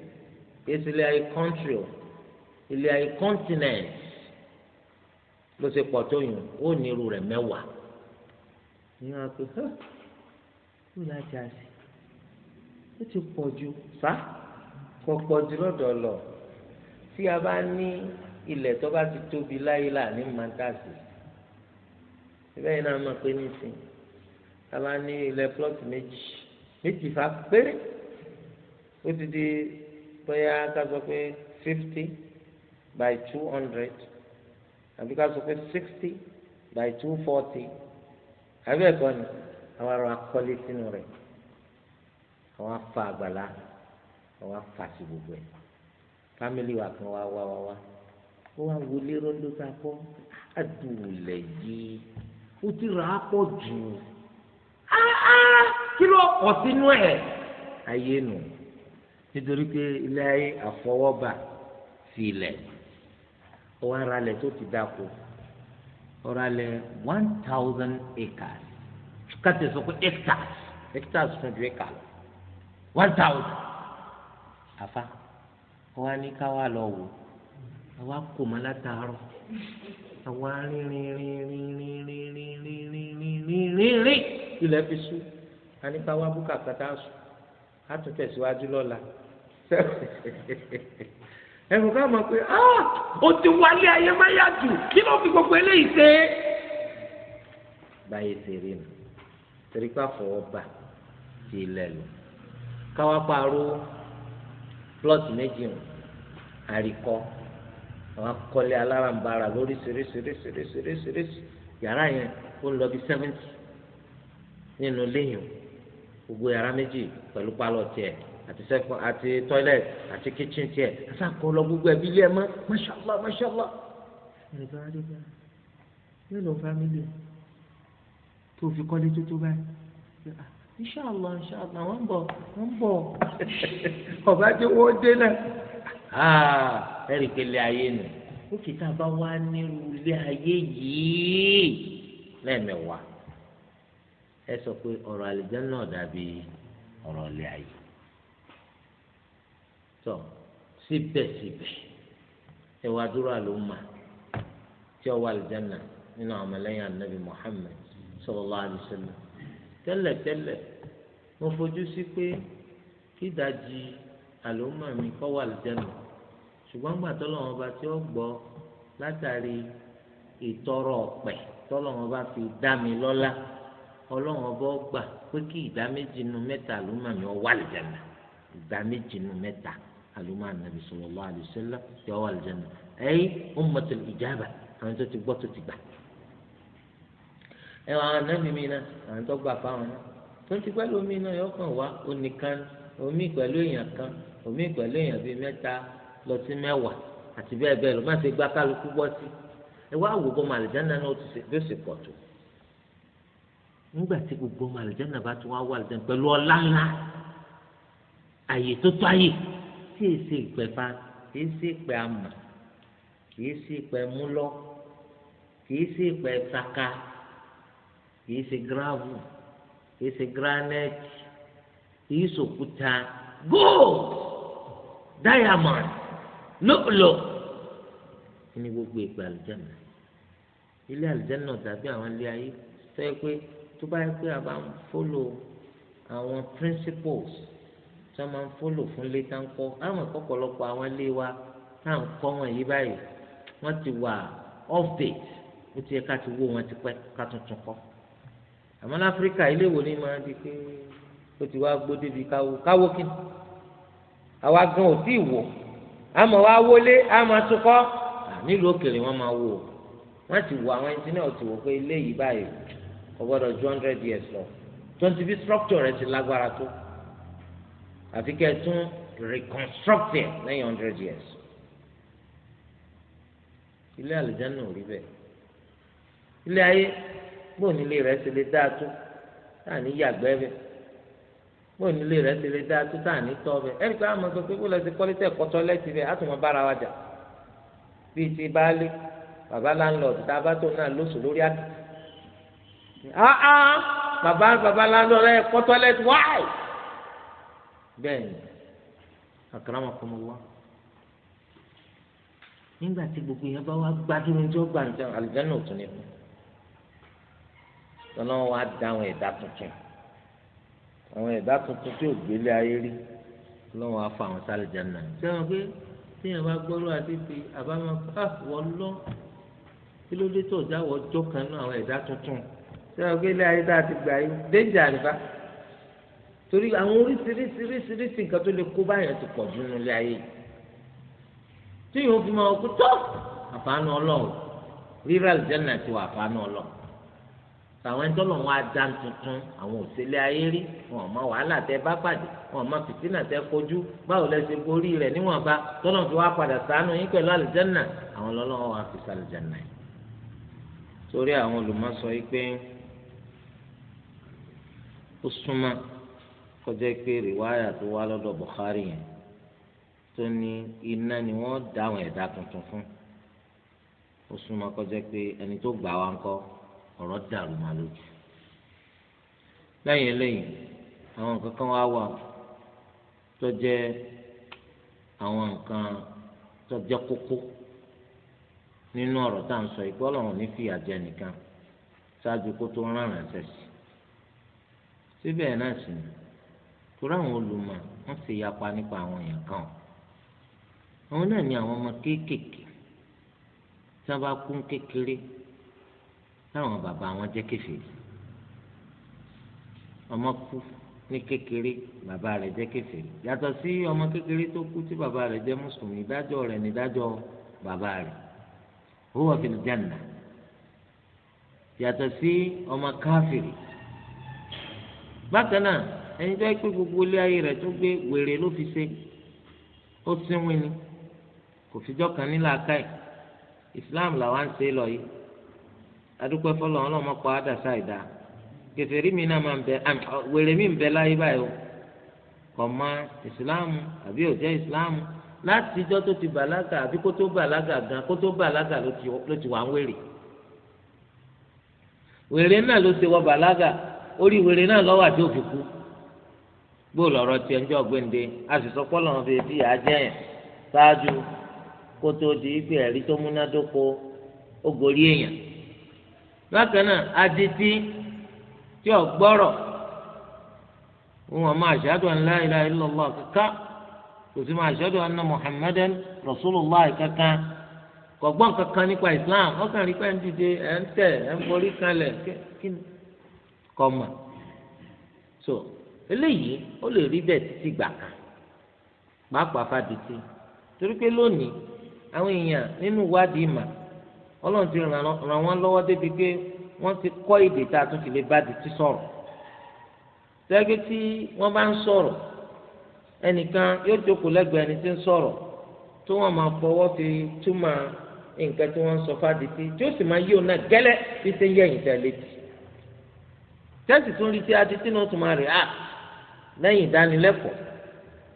kìí ṣe ilé ayé kọ́ńtírì o ilé ayé kọ́ńtínẹ̀ǹt ló ṣe pọ̀ tó yùn ó ní irú rẹ̀ mẹ́wàá. ìyá àpò hẹ́ kó lájà sí ó ti pọ̀ ju fa kò pọ̀ ju lọ́dọ̀ lọ tí a bá ní ilẹ̀ tó bá ti tóbi láyé là ní mọ́tàsí ìbẹ́ yìí náà máa pé nísìn a bá ní ilẹ̀ plọ́ọ̀tì méjì méjì fa péré ó ti di bóyá ká sọ pé fifty by two hundred àbí ká sọ pé sixty by two forty àbí ẹ̀kọ́ ni àwọn ará akọ́lé sínú rẹ̀ àwọn afa àgbàlá àwọn afa sí gbogbo ẹ̀ fámìlì wa kan wá wá wá wá ó wá wọlé rọ́ńdó tá a kọ́ àdùnlẹ̀ yìí ó ti rà á pọ̀ jù kí ló kọ̀ sínú ẹ̀ ayé nù. No nítorí pé ilé ayé àfọwọ́bà sí ilẹ̀ ọwọ́ ara lẹ̀ tó ti dáko ọ̀rọ̀ alẹ̀ one thousand acres kàtẹ́ sọ pé hectares hectares fún ju acre lọ one thousand àfa ọwọ́ ní ká wà lọ wò àwa kò mọ́ látàárọ̀ àwa rìnrìnrìnrìnrìnrìnrìnrìnrìnrìnrìn ilẹ̀ fi sú àníkà wà bùkà kàtà sùn á tún tẹ̀síwájú lọ́la ẹnu ká mọ̀ pé ó ah, ti wálé ayé má yá jù kí ló fi gbogbo eléyìí ṣe. báyìí ṣe rí nu torí pé àfọwọ́bà ti ilẹ̀ lò káwá parọ́ plọ́ọ̀tì méjì hàn àríkọ́ àwọn akọ́lé alárànbarà lórí ṣeréṣeréṣeréṣeréṣeréṣe yàrá yẹn ó ń lọ bí sẹ́fẹ̀ntì nínú léyìn o gbogbo yàrá méjì pẹ̀lú pálọ̀ tiẹ̀ àti sẹ́kọ̀ àti tọ́ilẹ̀t àti kíchìn tiẹ̀ àsàkọ́ lọ gbogbo ẹ̀bí ilé ẹ̀ mọ́ mashallah mashallah. ẹ̀rọ àdìgbà mélòó fámìlì tó fi kọ́lé tó tó báyìí inṣàlá inṣàlá wọn bọ wọn bọ ọba tí wọn dé náà ah, ẹrí pẹ̀lẹ́ ayé nù ó kì tá a bá wá nírú ilé ayé yìí lẹ́ẹ̀mẹ̀wàá ẹ sọ pé ọ̀rọ̀ àlìjánnà dàbí ọ̀rọ̀ ilé ayé tó síbẹ̀síbẹ̀ ẹ wá dúró àlùmà tí ó wà àlìjánnà nínú àwọn ọmọlẹ́yìn anabi Muhammad sallallahu alaihi wasallam tẹ́lẹ̀tẹ́lẹ̀ mo fojú sí pé kídàjì àlùmà mi kọ́ wà àlìjánnà ṣùgbọ́n gbà tọ́lọ́wọ́n ọba tí ó gbọ́ látàrí ìtọrọ ọ̀pẹ̀ tọ́lọ́wọ́n ọba fi dá mi lọ́lá ọlọ́run ọba ọgbà pé kí ìdá méjì nu mẹ́ta àlùmọ́ mi wà lìjànà ìdá méjì nu mẹ́ta àlùmọ́ ànàbì sallallahu alaihi wasallam yọ wà lìjànà ẹ̀yí ummatul ijaba àwọn tó ti gbọ́ tó ti gbà. ẹ wọ àwọn ànàbì mi náà àwọn tó gbà fáwọn náà tó ti pẹ́ lómi náà yọ kàn wá onìkan omi pẹ̀lú èèyàn kan omi pẹ̀lú èèyàn bíi mẹ́ta lọ sí mẹ́wàá àti bẹ́ẹ̀ bẹ́ẹ̀ lọ má ṣe gbá kálukú gbọ́ sí ẹ wá wò bọ́ náà ó ti ṣe bí ó ṣe pọ̀ tó nígbà tí gbogbo ọmọ àlùjáná bá tún wá wà àlùjáná pẹ̀lú ọlá ńlá àyè tó tó àyè tí èyí ṣe ìpẹ́ fa kì í ṣe ìpẹ́ àmà kì í ṣe ìpẹ́ múlọ́ kì í ṣe ìpẹ́ saka kì í ṣe gíráàvù kì í ṣe gíránẹ́tì kì gold diamond lóòlò kí ni gbogbo ìpẹ́ àlùjáná ilé àlùjáná tàbí àwọn ilé ayé tó yẹ pé tó bá yẹ pé a bá ń fólò àwọn principles tó máa ń fólò fún ilé tá ń kọ́ àwọn ìkọ́pọ̀lọpọ̀ àwọn ilé wa tá ń kọ́ wọn yìí báyìí wọ́n ti wà off date ó ti yẹ ká ti wó wọn ti pẹ́ ká tuntun kọ́ àmọ́ ní áfíríkà ilé ìwò ni máa di pé ó ti wá gbó débi káwó káwó kí ni àwa gan ò tí ì wò àmọ́ wá wọlé àmọ́ tukọ́ nílùú òkèèrè wọ́n máa wò wọ́n ti wò àwọn ẹni tí náà ti wò pé ilé yìí báyìí ọgbọ́dọ̀ two hundred years lọ twenty bí structure rẹ ti lágbára tó àfi kẹ́ ẹ tún reconstruct ẹ lẹ́yìn hundred years ilé àlùjáná ò rí bẹ́ẹ̀ ilé ayé bóun ilé rẹ ti lè dáa tó táà ní yàgbẹ́ bẹ́ẹ̀ bóun ilé rẹ ti lè dáa tó táà ní tọ́ bẹ́ẹ̀ ẹnì kan àmọ́ sọ pé bóun lọ sí kọ́lé tẹ̀ kọ́tọ́ lẹ́tì bẹ́ẹ̀ á tún mọ bára wa bíi ti baálé bàbá láńlọ́ọ̀dù tá a bá tó náà lóṣù lórí àkìtì. Ah, ah bàbá bàbá lálọ́rẹ́ ẹ̀kọ́ tọ́lẹ́tì wáì bẹ́ẹ̀ ni àkàràmọ̀ kọ́ mọ́ wá nígbà tí gbogbo yẹn bá wá gbádùn tí ó gbà ń jẹun àlùjáná ò tún ní kú tọ́lá wọn wá dá àwọn ẹ̀dá tuntun àwọn ẹ̀dá tuntun tí ò gbélé ayé rí lọ́wọ́ afọ àwọn sálìjáná. sẹ́wọ̀n pé téèyàn bá gbọ́rọ̀ àti pé àbámọ́ ká ah, wọ́n lọ kí ló dé tó ọjà wọ́n kan náà àwọn ẹ̀dá tuntun sọ pé ilé ayé dáa ti gbà yín dénjà àríbá torí àwọn oríṣiríṣiríṣiríṣi nǹkan tó lè kó báyọ̀ ti pọ̀ jù nílé ayé tí yóò fi máa kú tó àfààní ọlọ́run rírà àlùjánnà ti wà àfààní ọlọ́run àwọn ẹni tọ́lọ̀ wọn adá tuntun àwọn òṣèlè ayé rí wọn mọ wàhálà tẹ bá pàdé wọn mọ fìtínà tẹ kojú báwo lẹ ṣe borí rẹ níwọ̀nba tọ́lọ̀ fi wá padà ṣàánú yín pẹ̀lú àlùjánnà àwọn ọlọ́run wà fi ṣàlùjánnà yìí torí àwọn olùmọ̀ sọ yìí pé ó súnmọ́ kọjá pé rìwáyà tó wá lọ́dọ̀ Bukhari yẹn tó ní iná ni wọ́n dá àwọn ẹ̀dá tuntun fún ó súnmọ́ kọjá pé ẹni tó gbà wá ń kọ́ ọ̀rọ̀ dàrú màá lójú lẹ́yìn eléyìí àwọn nǹkan kan wá wà tó jẹ́ àwọn nǹkan tó jẹ́ kókó nínú ọ̀rọ̀ tá à ń sọ ìpọ́lọ̀ wọn ní nìkan ṣáájú kó tó rán ìrànṣẹ́ sí síbẹ̀ náà sì ni torí àwọn olùmọ̀ wọ́n ti yapa nípa àwọn èèyàn kan àwọn náà ni àwọn ọmọ kéékèèké tí wọ́n bá kú kékeré táwọn bàbá wọn jẹ́ kèfèrí ọmọ kú ní kékeré bàbá rẹ̀ jẹ́ kèfèrí yàtọ̀ sí ọmọ kékeré tó kú tí bàbá rẹ̀ jẹ́ mùsùlùmí ìdájọ́ rẹ̀ ní ìdájọ́ bàbá rẹ̀ huwa fil janna yàtọ̀ sí ọmọ káfìrì bákan náà ẹni tó yẹ pé gbogbo ilé ayé rẹ̀ tó gbé wèrè ló fi ṣe ó sínwín ni kò fìjọ́ kan nílà ká ẹ̀ islam làwọn ń ṣe lọ yìí adúpẹ́ fọlọ́ wọn náà mọ̀ pa àdàsá ìdá kẹfẹ́rí mi náà máa ń bẹ wèrè mi ń bẹ láyé báyìí o kò mọ̀ islam àbí ó jẹ́ islam láti ijọ́ tó ti bàlágà àbí kó tó bàlágà gan kó tó bàlágà ló ti wà ń wèrè wèrè náà ló ti wọ bàlágà. orí wèrè náà lọ́wọ́ àti òfìkú gbóòlù ọ̀rọ̀ tiẹ̀ ń jọ gbẹ̀ǹde a sì sọ pọ́lọ́ wọn fèé fìyà jẹ́ yẹn ṣáájú kó tó di ipe ẹ̀rí tó múnádóko ó gorí èèyàn bákan náà adití tí ò gbọ́rọ̀ wọn máa ashhadu an la ilaha illallah kò sí máa anna muhammadan rasulullah kankan kankan nípa kọ́mà so eléyìí ó lè rí bẹ́ẹ̀ títí gbà kan pàápàá fàdìtì torí pé lónìí àwọn èèyàn nínú ìwádìí ìmà ọlọ́run ti ràn wọ́n lọ́wọ́ débi pé wọ́n ti kọ́ èdè tá a tún fi lè bá dìtì sọ̀rọ̀ tẹ́gẹ́ tí wọ́n bá ń sọ̀rọ̀ ẹnìkan yóò jókòó lẹ́gbẹ̀ẹ́ ẹni tí ń tó máa fọwọ́ fi túmọ̀ nǹkan tí wọ́n ń sọ fàdìtì tí ó sì máa yí òun náà gẹ́lẹ́ tẹ́sì tún rí tí a ti tí náà tún máa rè á lẹ́yìn ìdánilẹ́kọ̀ọ́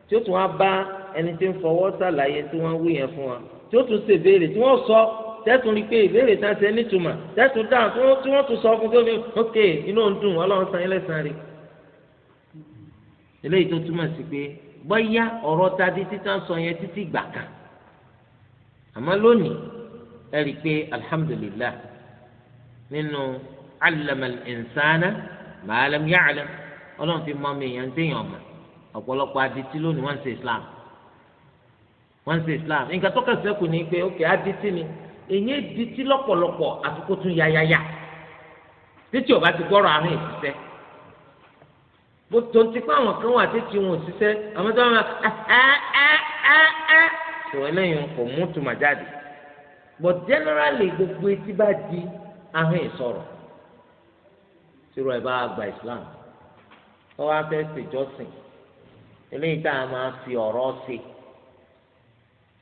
tí ó tún wá bá ẹni tí ń fọwọ́ sàlàyé tí wọ́n wí yẹn fún wa tí ó tún ṣe ìbéèrè tí wọ́n sọ tẹ́sùn rí pé ìbéèrè tá a ṣe nítumọ̀ tẹ́sùn dáhùn tí wọ́n tún sọ fún tó ní ok inú ń dùn ọlọ́run san ilé san rè eléyìí tó túmọ̀ sí pé bọ́yá ọ̀rọ̀ ta di títàn sọ yẹn títí gbà kan àmọ́ lónìí ẹ rí i pé alhamdulillah nínú allamal insana ma lam ya'lam ọlọ́run fi mọ mi èèyàn téèyàn mọ̀ ọ̀pọ̀lọpọ̀ adití lónìí wọ́n ń ṣe islam wọ́n ń ṣe islam nǹkan tó kẹsẹ̀ kù ní pé ókè adití ni èyí adití lọ́pọ̀lọpọ̀ àtúkò tún yayaya títí ò bá ti gbọ́rọ̀ àárín ìṣiṣẹ́ bó tó ti pé àwọn kan wà títí wọn ò ṣiṣẹ́ àwọn tó wọn tó ẹlẹ́yìn kò mú tùmọ̀ jáde but generally gbogbo etí bá di àárín ìsọ̀rọ̀ tírú ẹ bá gba islam wọn wá fẹ́ ṣèjọsìn eléyìí tá a máa fi ọ̀rọ̀ ṣe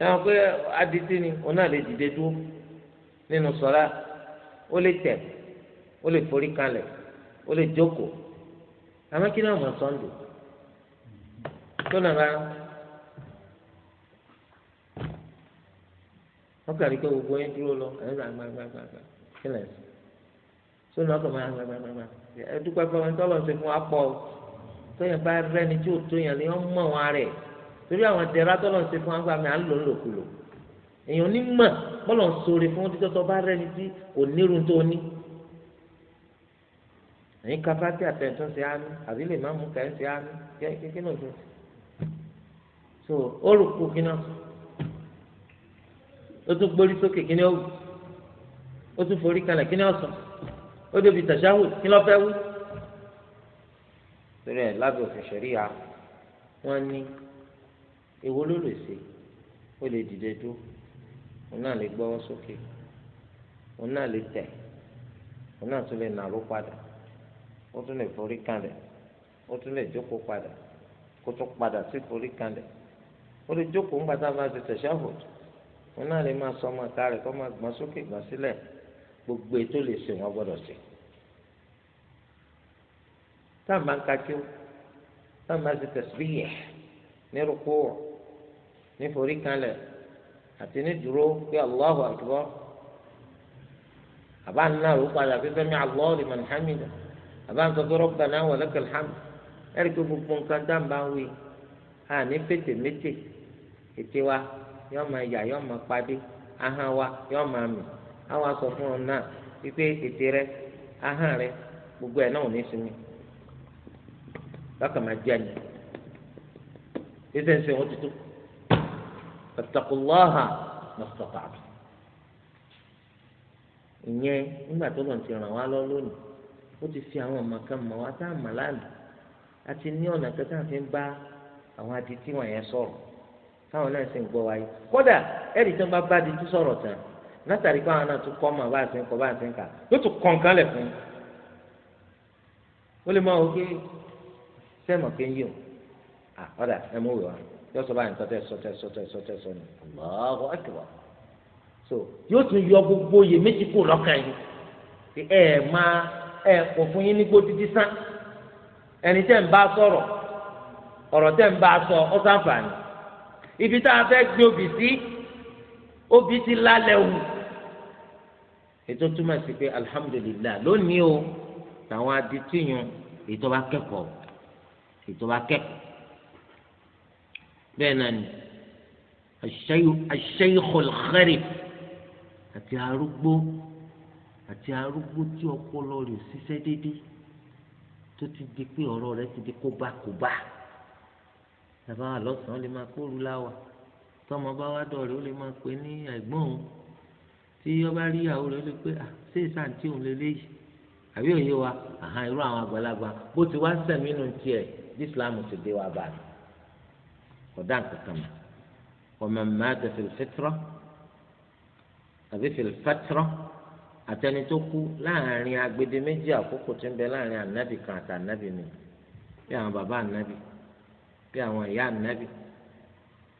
ẹ̀wọ̀n pé adití ni òun náà lè dìde dúró nínú sọ́lá ó lè tẹ̀ ó lè forí kalẹ̀ ó lè jókòó àmọ́ kí náà mọ̀ sọ́ndù tó nàbà wọ́n kàrí pé gbogbo yẹn dúró lọ ẹ̀rọ àgbàgbàgbà kí lẹ̀ sọ́nù ọkọ̀ máa gbàgbàgbà ẹdúpẹ́ fún ọmọ tọ́lọ̀ ṣe fún wa pọ̀ tóyìn bá rẹ́ni tí ò tóyìn ni wọ́n mọ̀ wọn rẹ̀ torí àwọn tẹ̀rá tọ́lọ̀ ṣe fún wa gba mi à ń lò lòkulò èèyàn onímọ̀ bọ́lọ̀ ń sọ̀rọ̀ fún títọ́ tó bá rẹ́ni tí kò nírun tó ní. ẹ̀yin kafa tí àtẹ̀tún ṣe á ní àbí lè má mú kẹ́ ṣe á ní kékeré náà tún. so ó rò kú kí náà ó tún gbórí sókè kí ni ó tún forí kalẹ̀ kí ni ó sọ. ó débi tàṣáwù kí ló fẹ́ wí. torí ẹ̀ lábẹ́ òfin ṣẹ̀ríya wọ́n ní olulu ló lè ṣe ó lè dìde dúró òun náà lè gbọ́wọ́ sókè òun náà lè tẹ̀ òun náà tún lè padà ó tún lè forí kanlẹ̀ ó tún lè jókòó padà kó tún padà sí forí ó lè sọ ọmọ ìka rẹ̀ kó máa gbọ́n sókè gbọ́n gbogbo ètò lè se wọn gbọ́dọ̀ ṣe táwọn máa ń kájú táwọn máa ń ṣe tẹsíríyẹ ní rúkú ní forí kanlẹ̀ àti ní dúró pé Allahu akbar àbá ń náà rúkú àti àfihàn mi Allahu liman hamida àbá ń sọ pé rabbana wa gbogbo nǹkan ń wí pété mété wa ma yà àwọn aṣọ fún ọ náà wípé ètè rẹ ahọ́n rẹ gbogbo ẹ̀ náà ò ní sinmi bákan máa jẹ́ àyè ẹsẹ̀ ṣe wọ́n ti tó ìyẹn nígbà tó lọ́n ti ràn wá lọ lónìí ó ti fi àwọn ọmọ kan mọ̀ wá tá a mọ̀ lánàá àti ní ọ̀nà kan tá a fi ń bá àwọn adití wọ̀nyẹn sọ̀rọ̀ táwọn náà sì ń gbọ́ wáyé kódà bá bá látàrí káwọn náà tún kọ́ ọmọ bá àti ńkọ bá àti ńkà yóò tún kọ́ nǹkan lẹ̀ fún un ó lè máa wò pé sẹ́mọ̀ pé ń yí o ọ̀dà ẹ mú wẹ̀ wá yóò sọ báyìí nǹkan tẹ́ sọ tẹ́ sọ ni Allahu akbar so yóò tún yọ gbogbo yè méjì kù lọ́kàn yìí pé ẹ máa ẹ kò fún yín ní gbódìdí sán ẹni tẹ́ ń bá sọ̀rọ̀ ọ̀rọ̀ tẹ́ ń bá sọ ọ́ ṣàǹfààní ibi tá a fẹ́ gbé obì sí obì ti lálẹ́ òun ètò túmọ̀ sí pé alihamudulilayi lónìí o tàwọn aditiyun ètò bá kẹ́kọ̀ọ́ ètò bá kẹ́kọ̀ọ́ bẹ́ẹ̀ náà ni aṣẹ́yìkọ̀l kharif àti arúgbó àti arúgbó tí ọpọlọ rẹ̀ ṣiṣẹ́ déédéé tó ti di pé ọ̀rọ̀ rẹ̀ ti di kóbákóbá bàbá àlọ́sàn-án lè máa kóru láwa tọ́mọ bá wá ó lè máa pè ní ẹ̀gbọ́n òun tí ọba rí ìyàwó rẹ̀ lè pé ṣé ìsàǹtí òun lè léyìí àbí òye wa àhàn irú àwọn àgbàlagbà bó ti wá sẹ̀mínú tiẹ̀ bí islam ti dé wa bá mi kọ̀dá nǹkan mọ̀ ọmọ mẹ́ta fìlfẹ́tìrọ́ àbí fìlfẹ́tìrọ́ àtẹni tó kú láàrin agbede méjì àkókò tó ń bẹ láàrin ànábì kan àti ànábì mi bí àwọn bàbá ànábì bí àwọn ìyá ànábì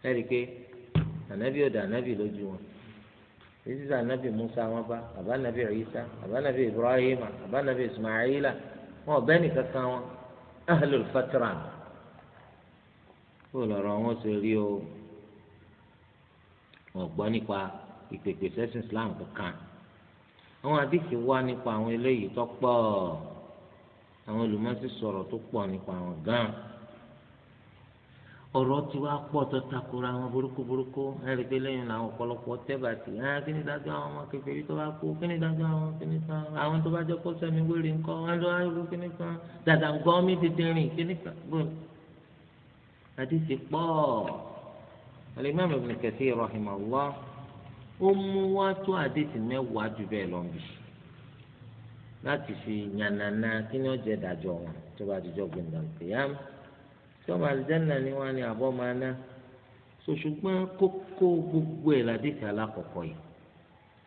ẹ̀rí pé ànábì ò dà ànábì lójú wọn sísísà nàbì musa wọn bá àbá nàbì isa àbá nàbì ibrahim àbá nàbì ismaila wọn ọbẹ nìkan kan wọn ahlul fatra kó lọ́rọ̀ wọn ṣe rí o wọn gbọ́ nípa ìpèpè sẹ́sìn islam kankan àwọn àdìsí wá nípa àwọn eléyìí tó pọ̀ àwọn olùmọ̀sí sọ̀rọ̀ tó pọ̀ nípa àwọn gan ọ̀rọ̀ tí wàá pọ̀ tó takora àwọn burúkú burúkú ẹ̀rí pé lẹ́yìn làwọn ọ̀pọ̀lọpọ̀ tẹ́bà tì ẹ̀ kí ni dájọ́ àwọn ọmọ kékeré tó bá kú kí ni dájọ́ àwọn kí ni kan àwọn tó bá jẹ́ kó sẹ́mi wéré ńkọ́ wọn ló wáá kí ni kan dàdà gan mi dídín rìn kí ni kan gbọ́n. àdìsí pọ̀ alimami ibn Kathir rahimahullah ó mú wá tó àdìsí mẹ́wàá jù bẹ́ẹ̀ lọ bí láti fi yànnànà kí ni ó jẹ́ dájọ́ wọn tó bá dijọ́ gbẹ̀ndàn kìyàmù sọmọ àlìjáná ni wọn ni àbọ̀ máa ná sòṣùgbọ́n kókó gbogbo ẹ̀ ládìsí alákọ̀ọ́kọ́ yìí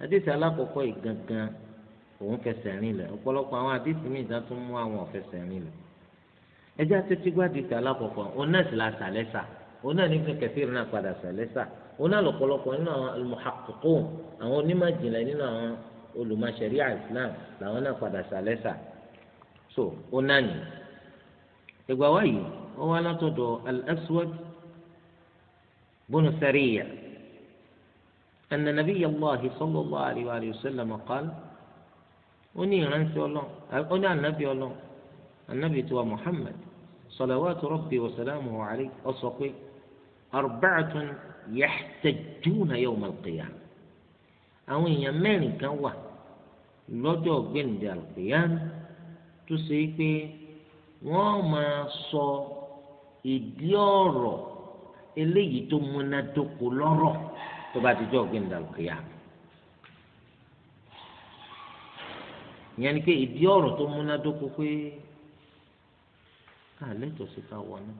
àdìsí alákọ̀ọ́kọ́ yìí gangan òun fẹsẹ̀ rinlẹ̀ ọ̀pọ̀lọpọ̀ àwọn àdìsí míì dá tún mú àwọn ọ̀fẹsẹ̀ rinlẹ̀ ẹjẹ́ àtẹ́tí gbàdìsí alákọ̀ọ́kọ́ òun náà sì la sàlẹ́sà òun náà nífẹ̀ẹ́ kẹfìrì náà padà sàlẹ́sà òun náà lọ̀pọ̀lọpọ̀ nínú àwọn almuhaqqiqun àwọn onímọ̀ ìjìnlẹ̀ nínú àwọn olùmọ̀ Islam làwọn náà padà sàlẹ́sà so òun náà nì ìgbà wáyìí هو látọ̀dọ̀ الأسود بن ثرية أن نبي الله صلى الله عليه وآله وسلم قال أني رنسي الله أنا النبي الله النبي تو محمد صلوات ربي وسلامه عليه أصقي أربعة يحتجون يوم القيامة أو èèyàn كوا kan بين القيامة gbẹ̀ǹdẹ̀ وما صو ìdí ọ̀rọ̀ eléyìí tó múnádóko lọ́rọ̀ tó bá ti jọ gbẹndàlùkìyà ìyẹn ni pé ìdí ọ̀rọ̀ tó múnádóko pé àlẹ tó sì ká wọ náà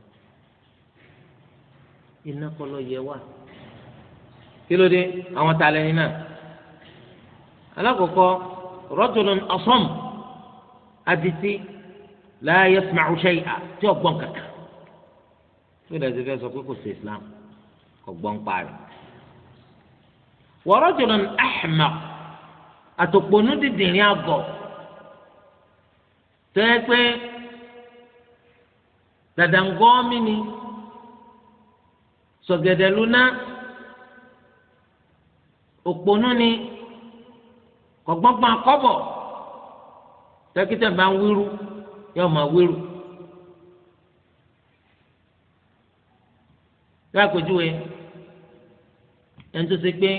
iná kọlọ yẹ wá kí ló dé àwọn ta lẹni náà alákọ̀ọ́kọ́ rọ́tòlón ọ̀sán adití la yasma'u shay'a tí ọ̀gbọ́n kankan bí ìdásí fẹ́ sọ pé kò sí islam kò gbọ́n parí. wa rajulun ahmaq àtòpọ̀nù dídìrín àgọ̀ tó yẹ pé dàdàngọ́ọ́mì ni sọ̀gẹ̀dẹ̀ lúná òpònú ni kọ̀gbọ́ngbọ́n akọ́bọ̀ tẹ́kítẹ̀ máa ń wíru yóò máa wíru. lápèjúwe ẹni tó ṣe pé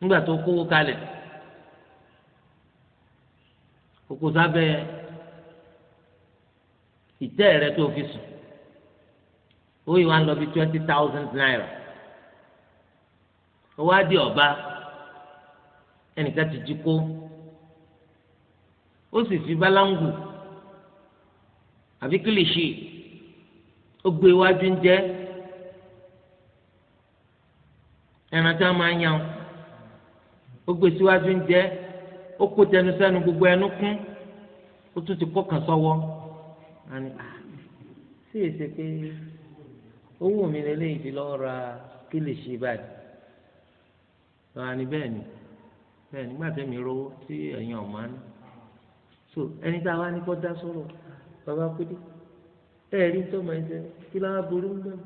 nígbà tó kówó kalẹ̀ kókó sábẹ́ ìtẹ́ rẹ tó fi sùn ó yìí wá ń lọ bí twenty thousand naira ó wá di ọba ẹnìkan ti jí kó ó sì fi bálángù àbí kìlìṣì ó gbé iwájú ń jẹ ẹran tí wọn máa ń yan ó gbé síwájú ń jẹ ó kó tẹnu sẹ́nu gbogbo ẹnu kún ó tún ti kọkàn sọ́wọ́ sí èsè ah, pé owó mi lè léyìí fi lọ́ọ́ kí lè ṣe báyìí lọ́wọ́ ni bẹ́ẹ̀ ni bẹ́ẹ̀ nígbà tẹ̀mí rówó tí ẹ̀yin ọ̀ máa ń so ẹni tá a wá ní kó dá sọ̀rọ̀ bàbá kúndé ẹ̀rí tó máa ń ṣe kí lára burú ń bẹ̀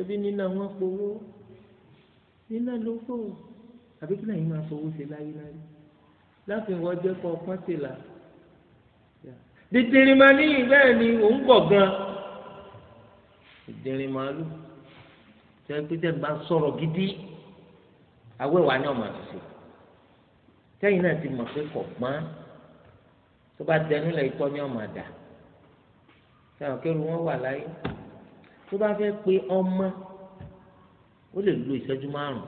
ebi nínú àwọn akpowó nínú lóko àbí kí lẹ́yìn máa fowó ṣe láyé láyé láàfin wọ́n jẹ́ kọ́ ọpọ́n ti là dìtìrì máa níyì bẹ́ẹ̀ ni òun gọ̀ gan dìtìrì máa lù tẹ́ pé tẹ́ ń bá sọ̀rọ̀ gidi awẹ́wàá ni ọ̀mà ṣe tẹ́yìn náà ti mọ̀ pé kọ̀ gbọ́n tó bá tẹnu lẹ̀ ikọ́ ni ọ̀mà dà sẹ́wọ̀n kẹ́rù wọn wà láyé tó bá fẹ́ pe ọmọ ó lè lo ìṣẹ́jú márùn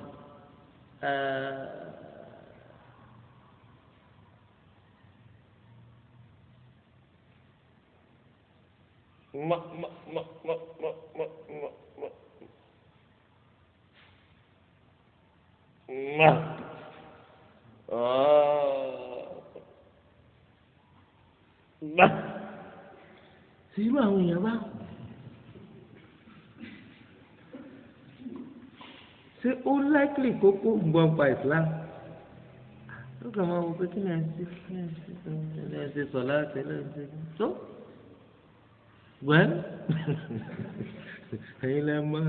ma ma ma ma ma ma ma ma ma ma ma sí irú àwọn èèyàn bá ṣé ó láìkìlì kókó ń bọ́ pa Islam ó kàn máa wọ pé kí lẹ́yìn sí lẹ́yìn sí sọ̀lá àti lẹ́yìn sí tó wẹ́n ẹ̀yin lẹ́ mọ́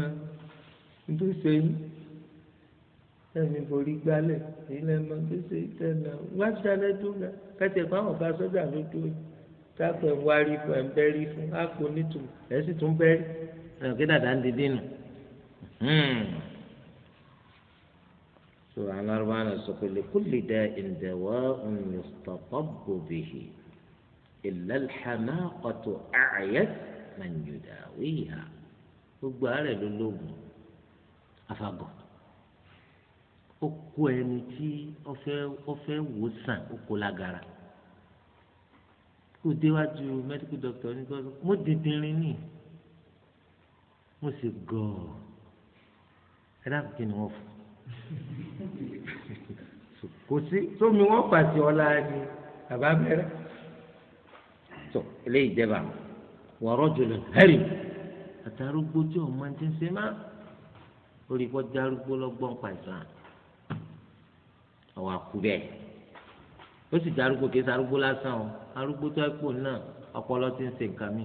ẹ tó ṣe yín ẹ̀mí borí gbálẹ̀ ẹ̀yin lẹ́ mọ́ ẹ ṣe yín tẹ̀ náà wá ṣalẹ́ tó ga kẹ́tẹ̀ fáwọn ọba sọ́jà ló dúró yìí táàpù ẹ̀wọ́ arí fún ẹ̀ ń bẹ́rí fún àpò nítumọ̀ ẹ̀ sì tún bẹ́rí ẹ̀ kí dàda ń dídí nù. Hmm. so àwọn arúgbó náà sọ pé lèkúlè dá ìdẹ̀wọ́ ìyọ̀sọ̀tọ̀ bòbèhì ìlẹ́lẹ́hàmá ọ̀tọ̀ àyẹ̀ mẹ́nyọ̀dáwìyà gbogbo ààrẹ ló lóògùn afagọ̀ ó kó ẹni tí ó fẹ́ wò sàn ó kó lágara kó déwájú medical doctor ní kó mo dìndínrín ní mo sì gọ̀ ọ́ ẹ dáàbò kí ni wọ́n fún kò sí tómi wọ́n pàṣẹ ọ̀la ni bàbá bẹ̀rẹ̀ tó eléyìí dẹ́ba wọ̀rọ̀ jùlọ hẹ́rì àtàrúgbó tí ò máa ń tẹ́ ṣe má orí kọjá arúgbó lọ́gbọ́n pa ìsàn àwọn àkúrẹ́ ó sì darúgbó kìí sarúgbó lásán o arúgbó tó ẹ̀pọ̀ náà ọpọlọ ti ń ṣe nǹkan mi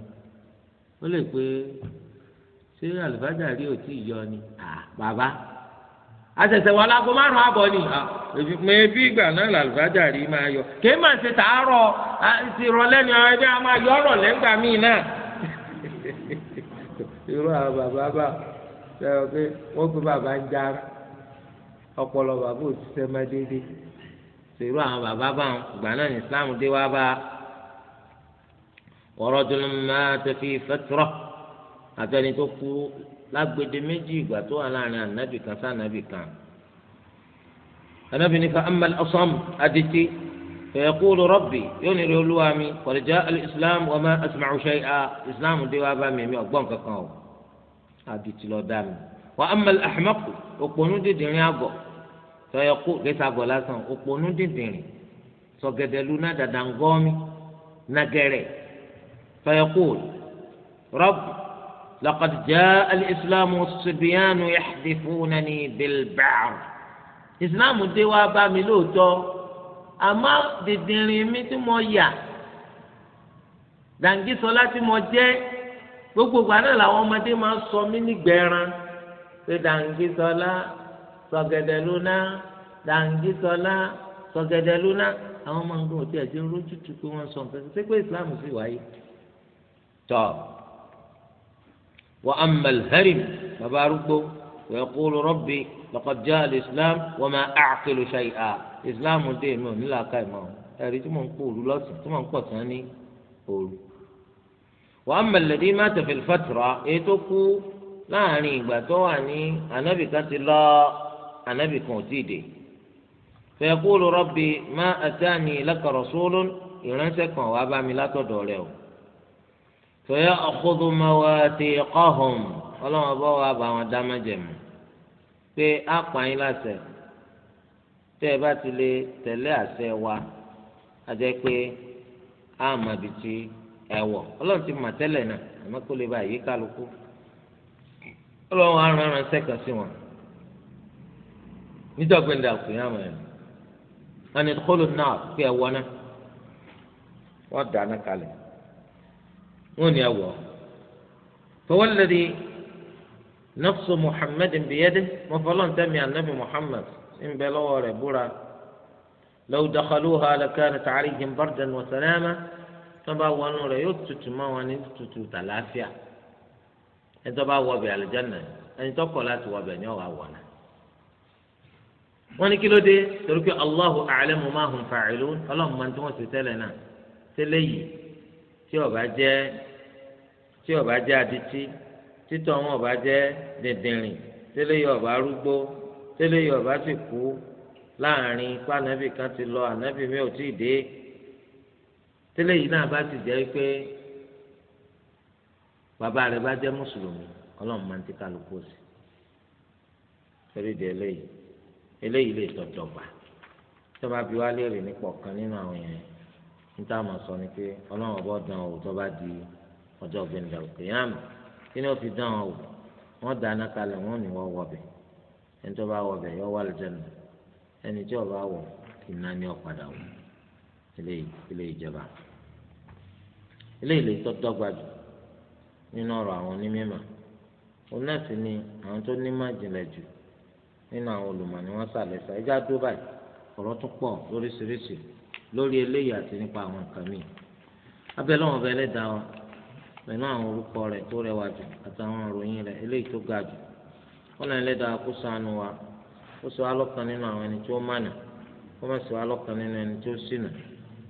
ó lè pé ṣé àlùfáàjà rí ò tí ì yọ ni bàbá àṣẹ̀ṣẹ̀ wà láago márùn-ún àbọ̀ ni mẹbí ìgbà náà làlùfáàjà rí máa yọ kìí máa ṣe tàárọ̀ ìrọ̀lẹ́ ni ẹgbẹ́ a máa yọ ọ̀rọ̀ lẹ́gbà míì náà irú àwọn bàbá bá ṣe ọ pé wọ́n gbé bàbá ń jára ọpọlọ bàbá òṣìṣẹ́ máa déédéé irú àwọn bàbá báwọn ìgbà náà ní islam dé wá bá ọ̀rọ̀ tó ló máa tó fi fẹ́tọ́rọ̀ àtẹni tó kú lágbède méjì ìgbà tó wà láàrin ànábì kan sí ànábì kan ànábì ní fa amal ọsán adití fẹ̀yẹ̀kúlù rọ́bì yóò nílò olúwa mi kọ̀dìjà islam wọ́n máa asùnmáà ṣe à islam dé wá bá mi mi kankan o adití lọ dá mi wa amal ahmadu òpònú dídìrín àgọ̀ tọyọ kó gbèsè àgọ lásán òpònú dìndìnrín sọgẹdẹlu náà dàdàngọmi nàgẹrẹ tọyọ kó rọb laqad jaa alìsílámù sibiyanu yaxdifunani bilbaar ìsìlámù dé wá bá mi lóòótọ́ àmọ́ dìndìnrín mi tí mo yà dàǹgísọlá tí mo jẹ́ gbogbo gbaná làwọn ọmọdé máa sọ mí nígbẹ̀ẹ́ran pé dàǹgísọlá sọ̀gẹ̀dẹ̀ lúná dàǹgísọ́lá sọ̀gẹ̀dẹ̀ lúná àwọn ọmọ nǹkan òtí ẹ̀jẹ̀ ń rójútu pé wọ́n sọ nǹkan sí pé islam sì wáyé. tọ́ wa amal harim bàbá arúgbó wa yaqulu rabbi laqad jaa al-islam wa ma a'qilu islam dé mi ò nílò aka ìmọ̀ ẹ̀rí tí mò ń pò òru lọ́sàn tí mò ń pọ̀ sàn ní òru. wa amal ladhi mata fil fatra èyí kú láàrin ìgbà tó wà ní anábìkan ti lọ́ọ́ anabi kan ò tíì dé fẹ̀kúlù rọ́bì má àtàní lẹ́kọ̀rọ̀ sóló ìránṣẹ́ kan wàá bá mi látọ̀dọ̀ rẹ o tòyẹ ọ̀kúndùn máa wá ti kọ́ hàn ọlọ́wọ́n bá wàá bá wọn dá májẹ̀mú pé á pa yín láṣẹ tẹ́ ẹ bá ti lè tẹ̀lé àṣẹ wa a pé á máa bìí tí ẹ wọ̀ ọlọ́run ti mà tẹ́lẹ̀ náà àmọ́ kó lè bá yí kálukú ọlọ́run á rán ránṣẹ́ kan sí wọn níjọ́ gbẹ̀ndẹ̀ àkùnyàmọ̀ yẹn àni kọ́lù náà pé ẹ wọ́ná wọ́n dáná kalẹ̀ wọ́n ní ẹ wọ́ fọwọ́lẹ́dì nafsu muhammed biyẹ́dẹ́ mọ́fọ́lọ́ntẹ́mi anabi muhammed ń bẹ lọ́wọ́ rẹ̀ búra lọ́wọ́ dàkàlùhà lẹ́kàrẹ́ tàríjìn bàrdàn wàsálàmà tó bá wọnú rẹ̀ yóò tutù mọ́ wọn ní tutù tàlàáfíà ẹni tó bá wọ bẹ̀ àlùjáná ẹni tó kọ̀ láti wọ bẹ̀ ni ọ̀ wọ́n ní kí ló dé torí pé Allahu a'lamu ma hum fa'ilun Ọlọ́run máa ń tí wọ́n ṣe tẹ́lẹ̀ náà tẹ́lẹ̀ yìí tí ó bá jẹ́ tí ó bá jẹ́ adití títọ́ wọn ó bá jẹ́ dìndìnrìn tẹ́lẹ̀ yìí ó bá arúgbó tẹ́lẹ̀ yìí ó bá sì kú láàrin pa ànábì kan ti lọ ànábì mi ò tí ì dé tẹ́lẹ̀ yìí náà bá sì jẹ́ pé bàbá rẹ̀ bá jẹ́ mùsùlùmí Ọlọ́run máa ń tí kálukú sí torí ìdí eléyìí lè dọ̀dọ̀gbà tó bá fi wá léèrè nípa kan nínú àwọn yẹn níta mọ̀ sọ ni pé ọlọ́run ọba dán di ọjọ́ gbẹ̀ndà òkè yá mi kí ni ó fi dán o wọn dáná kalẹ̀ wọn ni wọ́n wọbẹ̀ ẹni tó bá wọbẹ̀ yọ wà ẹni tí ó wọ iná ni ọ padà wọ eléyìí jẹba eléyìí lè jù nínú àwọn onímọ̀ ni àwọn tó ní má nínú àwọn olùmọ̀ ni wọ́n sàlẹ̀ ẹjá dó báyìí ọ̀rọ̀ tún pọ̀ lóríṣiríṣi lórí eléyìí àti nípa àwọn nǹkan míì abẹ́lẹ́ wọn bẹ́ẹ̀ lẹ́dàá wọn pẹ̀lú àwọn orúkọ rẹ̀ tó rẹwà jù àtàwọn ìròyìn rẹ̀ eléyìí tó ga jù kó wa kó sọ alọ́kan nínú àwọn ẹni tó mànà kó má sọ alọ́kan nínú ẹni tó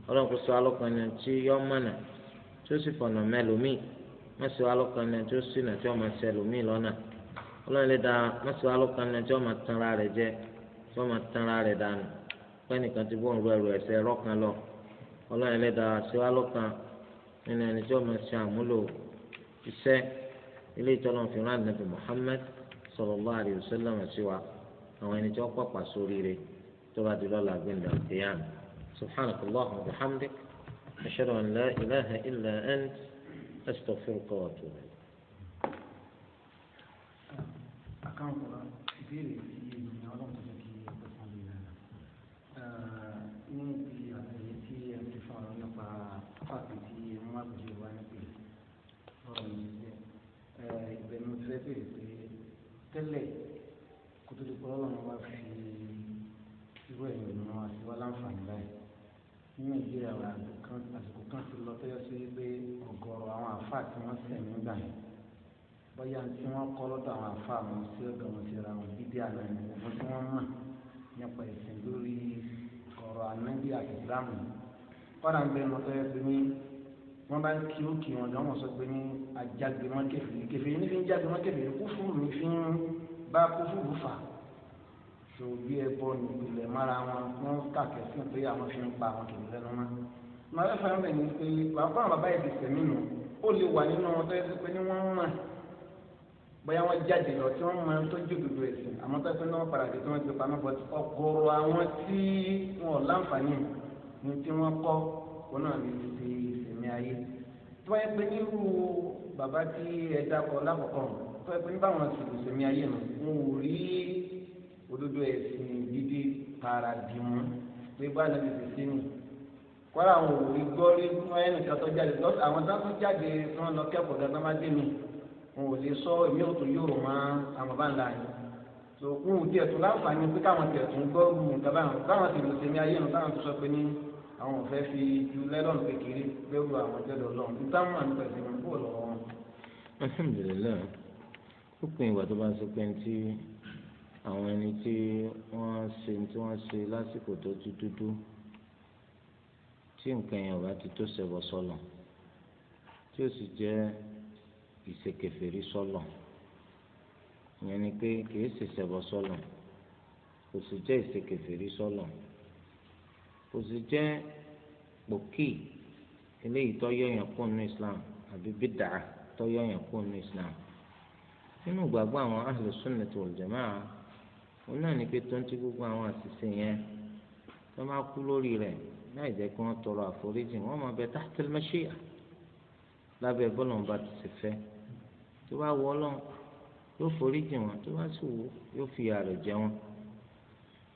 ọlọ́run kó sọ alọ́kan nínú tí mànà sì fọ̀nà mẹ́lòmíì ọlọ́run lè da mọ́sọ̀ alọ́kan ní tí wọ́n máa tanra rẹ̀ jẹ tí wọ́n máa tanra rẹ̀ dànù pẹ́ẹ́nìkan ti bọ́ọ̀n rẹ̀ rù ẹ̀sẹ̀ rọ́kan lọ ọlọ́run lè da sọ alọ́kan nínú ẹni tí wọ́n máa ṣe àmúlò iṣẹ́ ilé ìtọ́lọ́run fi rán àdínàbì Muhammad sallallahu alaihi wasallam sí wa àwọn ẹni tí wọ́n pàpà sórí rẹ̀ tó bá di lọ́la gbẹ̀ndà kéyàn سبحانك اللهم وبحمدك أشهد أن لا إله إلا أنت أستغفرك وأتوب àkáǹtì wa ìbéèrè tí ènìyàn ọlọ́run ti kí ẹgbẹ́ fún mi náà ní ti àtẹ̀yẹ tí ẹ ti fún ọ nípa fàtí tí wọ́n á gbé wa nípa ọ̀rọ̀ mi jẹ́ ìgbẹ́ mi fẹ́ béèrè pé tẹ́lẹ̀ kó tó di pé ọlọ́run wá fi irú ẹ̀yìn ìrìnà àti wá láǹfààní báyìí ní nàìjíríà àsìkò kan ti lọ tẹ́lẹ̀ sí pé ọ̀gọ̀ọ̀rọ̀ àwọn àfáà tí wọ́n sẹ̀ nígbà yẹn bóyá tí wọ́n kọ́ lọ́dọ̀ àwọn afáàmù sí ọ̀dọ̀ wọn ti ra àwọn bíbí àná ní ogun tí wọ́n mọ̀ nípa ìsìn lórí ọ̀rọ̀ ànábì àti ìsìlámù kọ́dà ń bẹ́ẹ̀ lọ́tọ́ yẹ pé ní wọ́n bá ń kí ó kì wọ́n lọ́wọ́ sọ pé ní ajágbe wọn ní fi ń jágbe wọn kẹfìrí ní fi ń bá kúfùrù fà so bí ẹ bọ́ ní ìpìlẹ̀ mára wọn wọ́n kàkẹ́ sí pé àwọn fi ń pa àwọn kẹfìrí lẹ́nu mọ́ màá fẹ́ fẹ́ràn bẹ́ẹ̀ ni pé bàbá àwọn bàbá yẹn ti sẹ̀mí ó lè wà nínú wọn tó yẹ pé ní wọ́n mọ̀ bóyá wọ́n jáde lọ tí wọ́n máa ń tọ́jú òdodo ẹ̀sìn àmọ́ tó fẹ́ náà padà dé tí wọ́n ti pamọ́ bọ́ ọ̀gọ̀rọ̀ àwọn tí wọn ò láǹfààní ní tí wọ́n kọ́ wọn náà ní ti ìsẹ̀mí ayé tí wọ́n yẹ pé nírú bàbá tí ẹ dákọ̀ lákọ̀ọ́kọ́ tí wọ́n yẹ pé ní báwọn sì lù sẹ̀mí ayé nù wọn ò rí òdodo ẹ̀sìn gidi paradì mu pé bá lẹ́nu ti sí nù kọ́ra àwọn òwúrí gbọ́ rí fún ẹnìkan tó jáde àwọn tó jáde tí wọ́n lọ kẹ́kọ̀ọ́ wọn ò lè sọ èmi ò tún yóò mọ àwọn bá ń la yìí tó wọn ò tiẹ̀ tún láǹfààní pé káwọn tiẹ̀ tún gbọ́ lu nǹkan báwọn káwọn sì lò sẹ́mi ayé wọn káwọn tún sọ pé ní àwọn ò fẹ́ fi ju lẹ́lọ́n kékeré lẹ́rù àwọn jẹ́dọ̀ lọ́n níta mọ̀ nípa ìsinmi kó lọ́wọ́ wọn. alhamdulilayi ó pin ìwà tó bá ń sọ pé ní tí àwọn ẹni tí wọ́n ṣe tí wọ́n ṣe lásìkò tó ti dúdú tí nǹkan yẹn ò bá ti tó ṣẹbọ ìṣèkèfèrí sọ́lọ̀ ìyẹn ni pé kìí ṣèṣẹ̀bọ sọ́lọ̀ kò sì jẹ́ ìṣèkèfèrí sọ́lọ̀ kò sì jẹ́ pòkì eléyìí tó yọ̀yàn kún ní Islam àbí bídà tó yọ̀yàn kún ní Islam nínú ìgbàgbọ́ àwọn ahlu sunnah wal jamaa wọn náà ní pé tó ń ti gbogbo àwọn àṣìṣe yẹn tó máa kú lórí rẹ̀ náà jẹ́ kí wọ́n tọrọ àforíjì wọ́n máa bẹ tahtil lábẹ́ bọ́lọ̀ ń bá ti ṣe fẹ́ tó bá wọ ọlọ́run yóò forí jì wọ́n tó bá sì wò yóò fi àrò jẹ wọ́n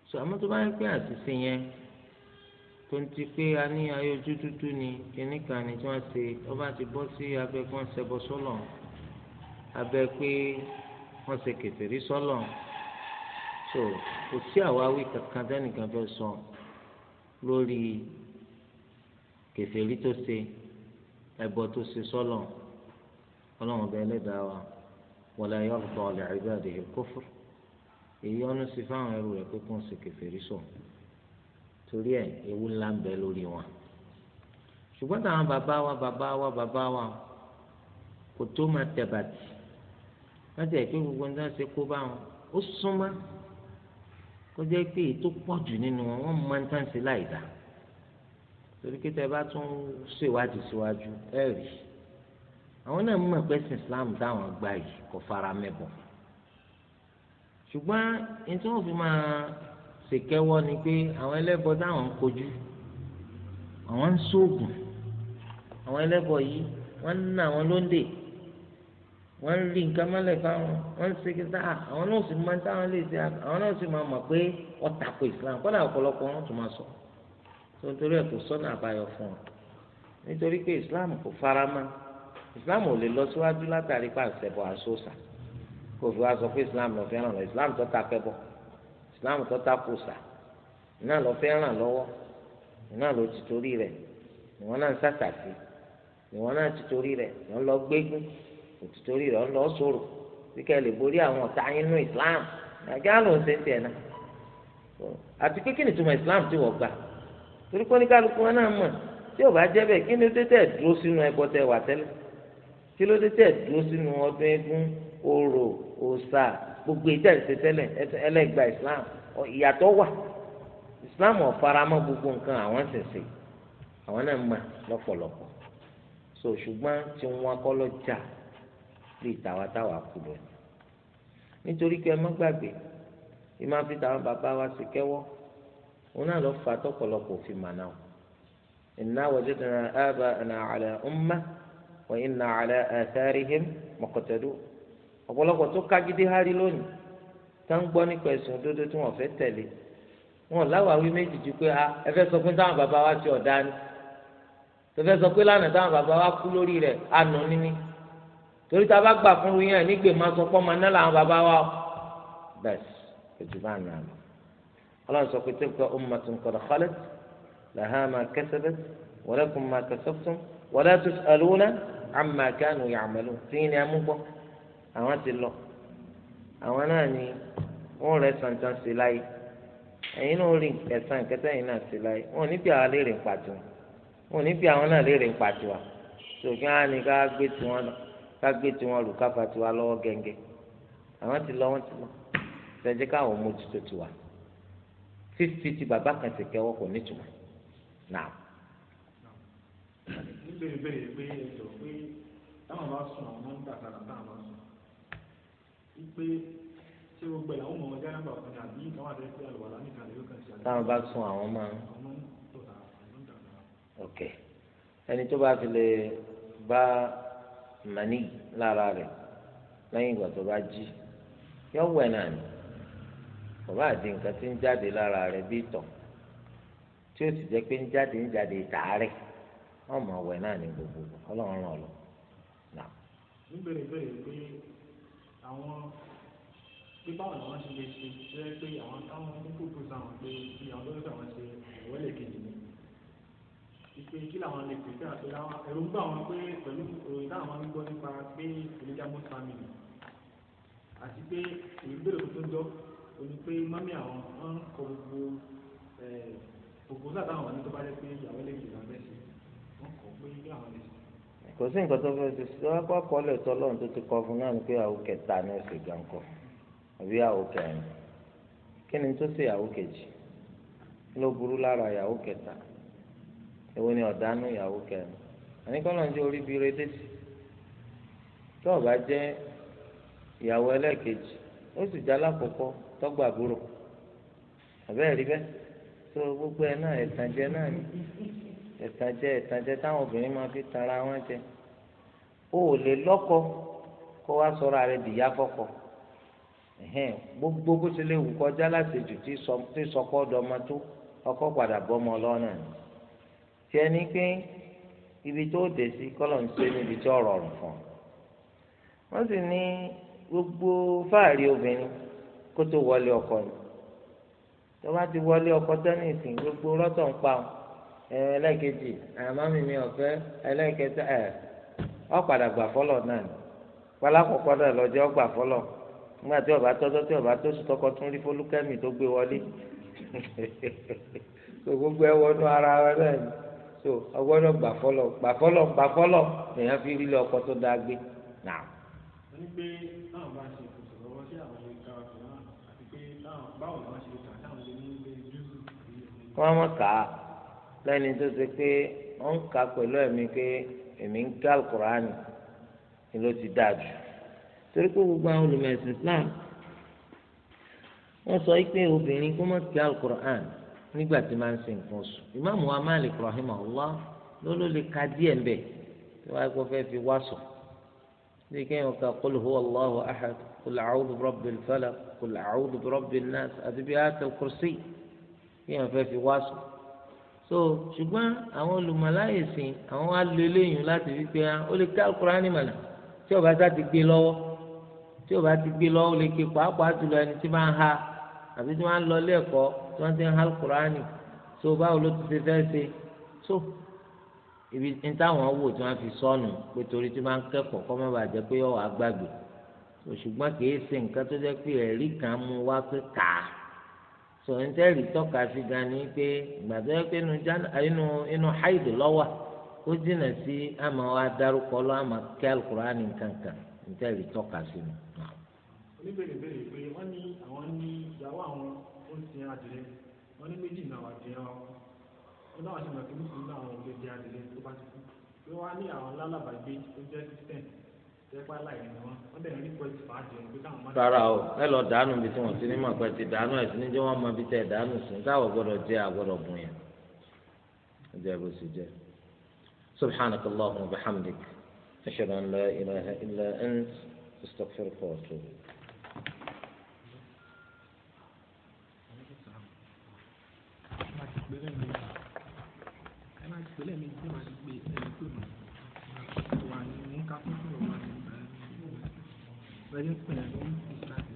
sọ àmọ́ tó bá yẹ pé àṣìṣe yẹn tó ń ti pé a ní ayé ojú dúdú ni kíní kan ni tí wọ́n ṣe ọba ti bọ́ sí abẹ́ kí wọ́n ṣẹbọ sọ́lọ̀ abẹ́ pé wọ́n ṣe kèfèrí sọ́lọ̀ so kò sí àwáwí kankan dánìkan fẹ́ sọ lórí kèfèrí tó ṣe ẹbọ tó ṣe sọ́lọ̀. So, ọlọ́run ọba ẹlẹ́dàá wa wala yarda li ibadihi al-kufr èyí ọ̀nà sí fáwọn ẹrú rẹ̀ pé kún sí kèfèrí sọ torí ẹ̀ ewu ńlá ń bẹ lórí wọn ṣùgbọ́n táwọn bàbá wa bàbá wa bàbá wa kò tó máa tẹ̀bàtì wọ́n ti ẹ̀ gbogbo nǹkan ṣe kó bá wọn ó súnmọ́ kó jẹ́ pé èyí tó pọ̀ jù nínú wọn wọ́n máa ń tàn sí láì dá torí pé tẹ bá tún ṣèwádìí síwájú ẹ̀ rí i àwọn náà mọ̀ pé sin islam táwọn gbà yìí kò fara mẹ́bọ̀ ṣùgbọ́n ní tí wọ́n fi máa ṣèkẹ́wọ́ ni pé àwọn ẹlẹ́bọ táwọn ń kojú àwọn ń ṣoògùn àwọn ẹlẹ́bọ yìí wọ́n ń ná àwọn lóńdè wọ́n ń rí nǹkan mọ́lẹ̀ fáwọn wọ́n ń ṣe kíta àwọn náà sì máa ń táwọn lè ṣe àwọn náà sì máa mọ̀ pé ó tako islam kọ́dà ọ̀pọ̀lọpọ̀ wọn tún máa sọ tó nítorí ẹ̀ kò sọ́nà àbáyọ fún ọ nítorí pé islam kò fara mọ́ islam ò lè lọ síwájú látàrí pàṣẹbọ àṣọṣà kò fi wá sọ pé islam lọ fẹ́ràn lọ islam tó ta kẹbọ islam tó ta kùsà iná lọ fẹ́ràn lọ́wọ́ iná ló ti torí rẹ̀ ìwọ́n náà ń sàtàsí ìwọ́n náà ti torí rẹ̀ lọ́n lọ gbégún òtí torí rẹ̀ lọ́n lọ sọ̀rọ̀ bí kẹ́ lè borí àwọn ọ̀tá yín nú islam nàìjíríà ló ń ṣe tiẹ̀ náà àti pé kí ni ìtumọ̀ islam ti wọ̀ gbà torí pé oníkálukú wọn náà mọ̀ tí ò bá jẹ́ bẹ́ẹ̀ kí ni ó dé dúró sínú ẹgbọ́ wà tẹ́lẹ̀ kí ló dé tẹ̀ dún sínú ọdún eégún orò òòṣà gbogbo ìjà ìṣe tẹ́lẹ̀ ẹlẹ́gbà islam ìyàtọ̀ wà islam ọ̀faramọ́ gbogbo nǹkan àwọn ṣẹ̀ṣẹ̀ àwọn náà mà lọ́pọ̀lọpọ̀ so ṣùgbọ́n tí wọ́n kọ́ lọ jà bí ìtawátáwá kú lọ nítorí pé ẹ má gbàgbé ìmọ̀ fi tàwọn bàbá wa sí kẹ́wọ́ òun náà lọ fà á tọ́pọ̀lọpọ̀ òfin màná o inna wajadna aba'ana ala ummah wa inna ala atharihim muqtadu ọ̀pọ̀lọpọ̀ tó kágídé hárí lónìí tá ń gbọ́ nípa ẹ̀sùn òdodo tí wọ́n fẹ́ tẹ̀lé wọn láwàáwí méjì ju pé ẹ fẹ́ sọ pé táwọn bàbá wa ti ọ̀dá ni tó fẹ́ sọ pé lánàá táwọn bàbá wa kú lórí rẹ̀ ànú níní torí tá bá gbà fún un yẹn nígbè máa sọ pé ọmọ náà làwọn bàbá wa bẹ́ẹ̀ ètò bá nà lọ ọlọ́run sọ pé tilka ummatun qad khalat laha amma kanu ya'malun tíyìn ni amúgbọ àwọn ti lọ àwọn náà ni wọn rẹ sàǹtàn sí láyé ẹ̀yin náà rí ẹ̀san kẹtẹ yìí náà sí láyé wọn ò ní bí àwọn léèrè ń pàtó wọn ò ní bí àwọn náà léèrè ń pàtó wa sòkè á ní ká gbé tiwọn lọ ká gbé tiwọn lù ká pàtó wa lọ́wọ́ gẹ́gẹ́ àwọn ti lọ wọn ti lọ sẹjẹ káwọn mójútó tiwa fífi ti bàbá kan ti kẹwọ kò nítumọ̀ náà níbèrè bèrè pé ẹjọ́ pé táwọn bá sùn àwọn máa ń dàgbàdà táwọn bá sùn wípé ṣé gbogbo ẹ̀ làwọn ọmọ jáde bá wọn ni àbí káwọn àti ẹgbẹ́ àlùwàlá nìkan lè yóò kàn sí àlùwàlá. táwọn bá sùn àwọn máa ń. ok ẹni tó bá fi lè bá mani lára rẹ̀ lẹ́yìn ìgbà tó bá jí yọ wẹ̀ náà ni bàbá àti nǹkan tí ń jáde lára rẹ̀ bí ìtọ̀ tí ó sì jẹ́ pé ń jáde ń jáde tààrẹ̀ wọn ọwẹ náà ní gbogbo Ọlọ́run ràn lọ. níbẹ̀rẹ̀ bẹ̀rẹ̀ pé àwọn pé báwo ni ṣe lè ṣe ṣe pé àwọn táwọn ní kókó sáwọn pé bí àwọn lọ́dọ̀ àwọn ṣe ìwọ́lẹ̀ kejì ni ìpè kí làwọn lè pèsè àti àwọn èròǹgbà wọn pé pẹ̀lú òyìn táwọn ń gbọ́ nípa pé ìlẹ́jàmọ́ family àti pé ìbéèrè tó tó jọ òní pé mọ́mí àwọn ń kọ gbogbo proposal táwọn ní tó bá jẹ́ pé ìyàwó lè jìnnà mẹ́sì kò sí nǹkan tó fẹ́ ṣe ṣe wá kọ́ kọ́lẹ̀ tó ọlọ́run tó ti kọ́ fún náà ni pé àwọn kẹta ni ọ̀sẹ̀ gan àbí àwọn kẹrin kí ni tó ṣe ìyàwó kejì ló burú lára ìyàwó kẹta ni ọ̀dánú kẹrin jẹ́ orí tó ọ̀bá jẹ́ gbogbo náà jẹ ẹ̀tàjẹ́ ẹ̀tàjẹ́ táwọn obìnrin máa fi tara wọn jẹ o ò lè lọ́kọ kó wá sọ̀rọ̀ ààrẹ dìyà fọ́kọ gbogbo bó ṣe lè wù kọjá láti jù tí sọkọ ọdọọmọ tó ọkọ padà bọ́mọ lọ́nà ni tiẹ̀ ní pé ibi tó dé sí kọ́lọ̀ ń ṣe níbi tí ọ̀rọ̀ ọ̀rùn fún ọ wọ́n sì ní gbogbo fáàrí obìnrin kó tó wọlé ọkọ ni tó bá ti wọlé ọkọ tẹ́nìsì gbogbo rọ́tọ̀ ń pa wọn. ẹlẹ́ẹ̀kejì àmọ́mí mi ọ̀fẹ́ ẹlẹ́ẹ̀kẹta ẹ̀ ọ̀padà gbà fọlọ̀ náà ni náà lọ́jọ́ gbà fọlọ̀ nígbà tí ọba tọ́jọ́ tí ọba tó sùtọ́kọ tún rí tó wọlé so gbogbo ẹ wọnú ara rẹ náà ni so ọgbọ́dọ̀ gbà fọlọ̀ gbà lẹ́ni tó ṣe pé ó ń kà pẹ̀lú ẹ̀mí pé èmi ń ká alukur'ani ni ló ti dáa jù torí pé gbogbo àwọn olùmọ̀ẹ̀sìn Islam wọ́n sọ pé obìnrin kó má ká alukur'ani nígbà tí máa ń ṣe nǹkan oṣù ìmáàmù wa Malik rahimahullah ló ló lè ka díẹ̀ ń bẹ̀ tí wọ́n á kó fẹ́ fi wá sọ bí kéèyàn ka qul huwa ahad qul a'udhu birabbil falaq qul a'udhu àti bí ayatul kursi kéèyàn fẹ́ fi wá sọ so ṣùgbọ́n àwọn olùmọ̀láyè sìn àwọn á lo eléyìí láti fi pé ah, ó lè ká Kùránì mọ̀nà tí ó bá sá ti gbé lọ́wọ́ tí ó ti gbé lọ́wọ́ lè ké pàápàá jùlọ ẹni tí máa ń ha àbí tí wọ́n á lọ ilé ẹ̀kọ́ tí wọ́n ti ń ha Kùránì so báwo ló ti ṣe fẹ́ ṣe so ibi ní táwọn wò tí wọ́n fi sọnù pé torí tí wọ́n kẹ́kọ̀ọ́ kọ́ má bàa jẹ́ pé ọ̀ àgbàgbé ṣùgbọ́n kì í ṣe nǹkan tó jẹ́ pé ẹ̀rí kan mú wá pé kàá sọ̀rọ̀ntẹ́rì tọ́ka sí gani pé gbàdọ́ yẹ pé inú inú haid lọ́wọ́ ó dínà sí àmọ́ wa dárúkọ lọ́wọ́ àmọ́ kí alukur'ani kankan ntẹ́rì tọ́ka sí mi. oníbèrèbèrè pé wọ́n ní àwọn ní ìyàwó àwọn ó ń sin adìrẹ wọ́n ní méjì náà wà jẹ́ wọn ó náà náà wọ́n lè jẹ́ adìrẹ tó bá ti kú pé wọ́n á ní àwọn lálàbàgbé ó jẹ́ kristian rárá o ẹ lọ dànù bí tí wọn ti ní màpẹ ti dànù ẹ ti ní jẹ wọn mọ bí tẹ dànù sùn táwọn gbọ́dọ̀ jẹ àgbọ́dọ̀ bùn yẹn ọjọ́ bó sì jẹ subhanak allahumma wa bihamdik ashhadu an la ilaha illa ant astaghfiruka wa atubu ilayk. very